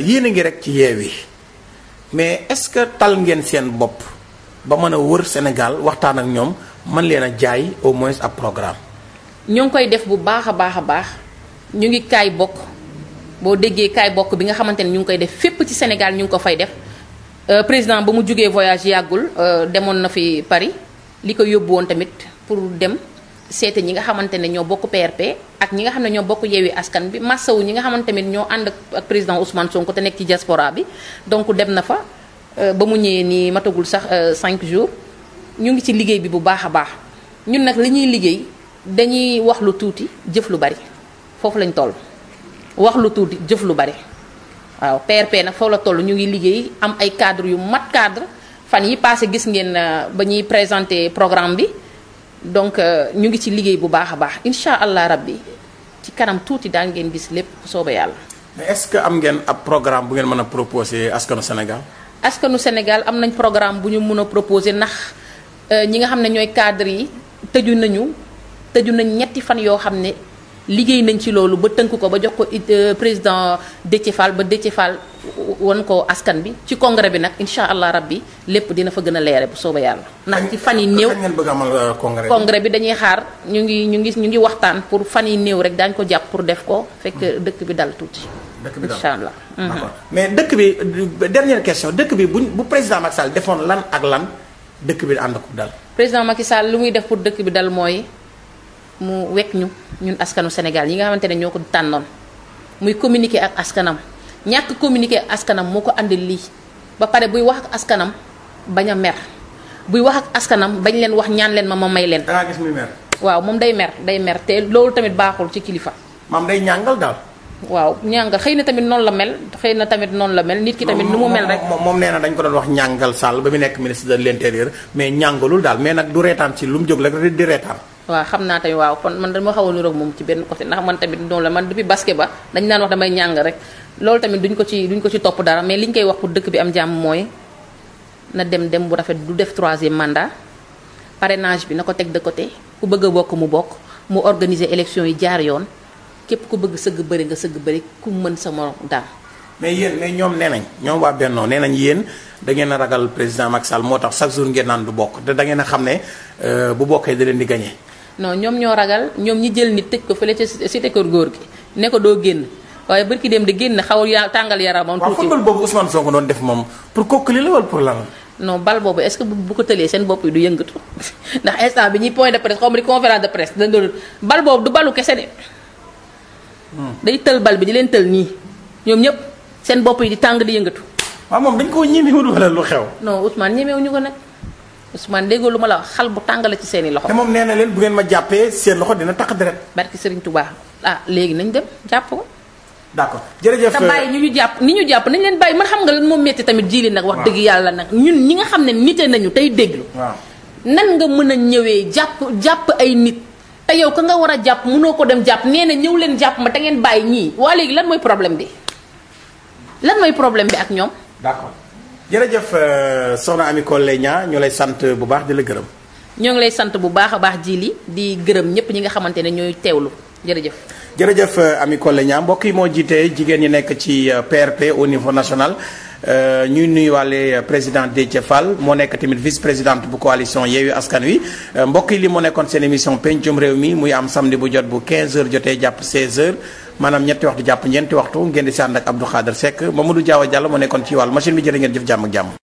yéen a ngi rek ci Yewwi mais est-ce que tal ngeen seen bopp ba mën a wër Sénégal waxtaan ak ñoom mën leen a jaay au moins ab programme. ñu ngi koy def bu baax a baax a baax ñu ngi kaay bokk. boo déggee kaay bokk bi nga xamante ni ñu ngi koy def fépp ci Sénégal ñu ngi ko fay def euh, président ba mu jógee voyage yàggul euh, demoon na fi Paris li ko yóbbu woon tamit pour dem seete ñi nga xamante ne ñoo bokk PRP ak ñi nga xam ne ñoo bokk yeewi askan bi massawu ñi nga xamante ñoo ànd ak président Ousmane Sonko te nekk ci diaspora bi donc dem na fa euh, ba mu ñëwee nii matagul sax cinq jours ñu ngi ci liggéey bi bu baax a baax ñun nag li ñuy liggéey dañuy wax lu tuuti jëf lu bari foofu lañ toll wax lu tuuti jëf lu bari waaw PRP nag foofu la toll ñu ngi liggéey am ay cadre yu mat cadre fan yi passé gis ngeen euh, ba ñuy présenter programme bi donc euh, ñu ngi ci liggéey bu baax a baax incha allah rabbi ci kanam tuuti daal ngeen gis lépp sooba yàlla. mais est-ce que am ngeen ab programme bu ngeen mën a proposer askanu Sénégal. askanu Sénégal am nañ programme bu ñu mën a proposer nax euh, ñi nga xam ne ñooy cadre yi tëju nañu tëju nañ ñetti fan yoo xam ne. liggéey nañ ci loolu ba tënk ko ba jox ko euh, président Déthié Fall ba Déthié Fall won ko askan bi ci congrès bi nag incha allah rabbi lépp dina fa gën a leere bu sooba yàlla ndax ci fan yi néew euh, congrès bi dañuy xaar ñu ngi ñu ngi ñu ngi waxtaan pour fan yi néew rek daañ ko jàpp pour def ko fekk hmm. dëkk bi dal tuuti incha allah hmm. mais dëkk bi dernière question dëkk bi buñ bu président Macky Sall defoon lan ak lan dëkk bi ànd ko dal président Macky Sall muy def dëkk bi dal mooy mu wekk ñu ñun askanu Sénégal yi nga xamante ne ñoo ko tànnoon muy communiqué ak askanam ñàkk communiquer ak askanam moo ko àndil lii ba pare buy wax ak askanam bañ a mer buy wax ak askanam bañ leen wax ñaan leen ma ma may leen. da nga gis muy mer. waaw moom day mer day mer te loolu tamit baaxul ci kilifa. maam day ñàngal daal. waaw ñàngal xëy na tamit noonu la mel xëy na tamit noonu la mel. nit ki tamit nu mu mel rek moom nee na dañ ko doon wax ñàngal Sall daal mais nag du reetaan ci lu mu jóg rek di reetaan. waaw xam naa tamit waaw kon man dama xaw a niroog moom ci benn côté ndax man tamit noonu la man depuis basket ba dañ naan wax damay ñàng rek loolu tamit duñ ko ci duñ ko ci topp dara mais li ñu koy wax pour dëkk bi am na dem dem bu rafet du def troisième mandat parrainage bi na ko teg de côté ku bëgg a bokk mu bokk mu organiser élection yi jaar yoon képp ku bëgg sëgg bëri nga sëgg bëri ku mën sa morom daal. mais yéen mais ñoom nee nañ ñoom waa Benno nee nañ yéen da ngeen a ragal président Macky Sall moo tax chaque jour ngeen naan du bokk te da ngeen a xam ne euh, bu bokkee da leen di gagné. no ñoom ñoo ragal ñoom ñi jël nit tëj ko fële ca cité kër góor gi ne doo génn waaye bërki dem di génn xaw ya tàngal yaramam. tuuti waaw football boobu Ousmane Sonko doon def moom pour kokkali la wala pour lan. non bal boobu est-ce que bu ko tëlee bi ñuy dañ doon bal du balu hmm. leen tël nii ñoom ñëpp seen bopp yi di tàng di yëngatu. waaw moom dañ koo ñemewul wala lu xew. non Ousmane ñemewuñu ko nag. Ousmane déggoo lu ma la wax xal bu tàng la ci seen i loxo. te moom nee na leen bu ngeen ma jàppee seen loxo dina tax deret. barki Serigne Touba ah léegi nañ dem jàpp ko. d'accord jërëjëf te bàyyi ñu ñu jàpp ni ñu jàpp nañ leen bàyyi man xam nga lan moo métti tamit jiili wax dëgg yàlla nag ñun ñi nga xam ne nite nañu tey déglu. nan nga mën a ñëwee jàpp jàpp ay nit. te yow ka nga war a jàpp mënoo ko dem jàpp nee na ñëw leen jàpp ma te ngeen bàyyi ñii waa léegi lan mooy problème bi lan mooy problème bi ak ñoom. jërëjëf euh, soxna Amy Collé Niang ñu lay sant bu baax di la gërëm. ñoo ngi lay sant bu baax a baax jii li di gërëm ñëpp ñi nga xamante ne ñooy teewlu jërëjëf. jërëjëf euh, Amy Collé Niang mbokk yi moo jiitee jigéen ñi nekk ci PRP euh, au niveau national. Euh, ñuy nuyuwaale euh, président Déthié Fall moo nekk tamit vice présidente bu coalition Yewwi Askan Wi euh, mbokk yi li moo nekkoon seen émission pencum réew mi muy am samedi bu jot bu 15h jotee jàpp 16h maanaam ñetti waxtu jàpp ñeenti waxtu ngeen di si ànd ak Abdou Khader Seck Mamadou Diaw Diallo moo nekkoon ci wàllu machine bi jërë ngeen jëf jàmm jàmm.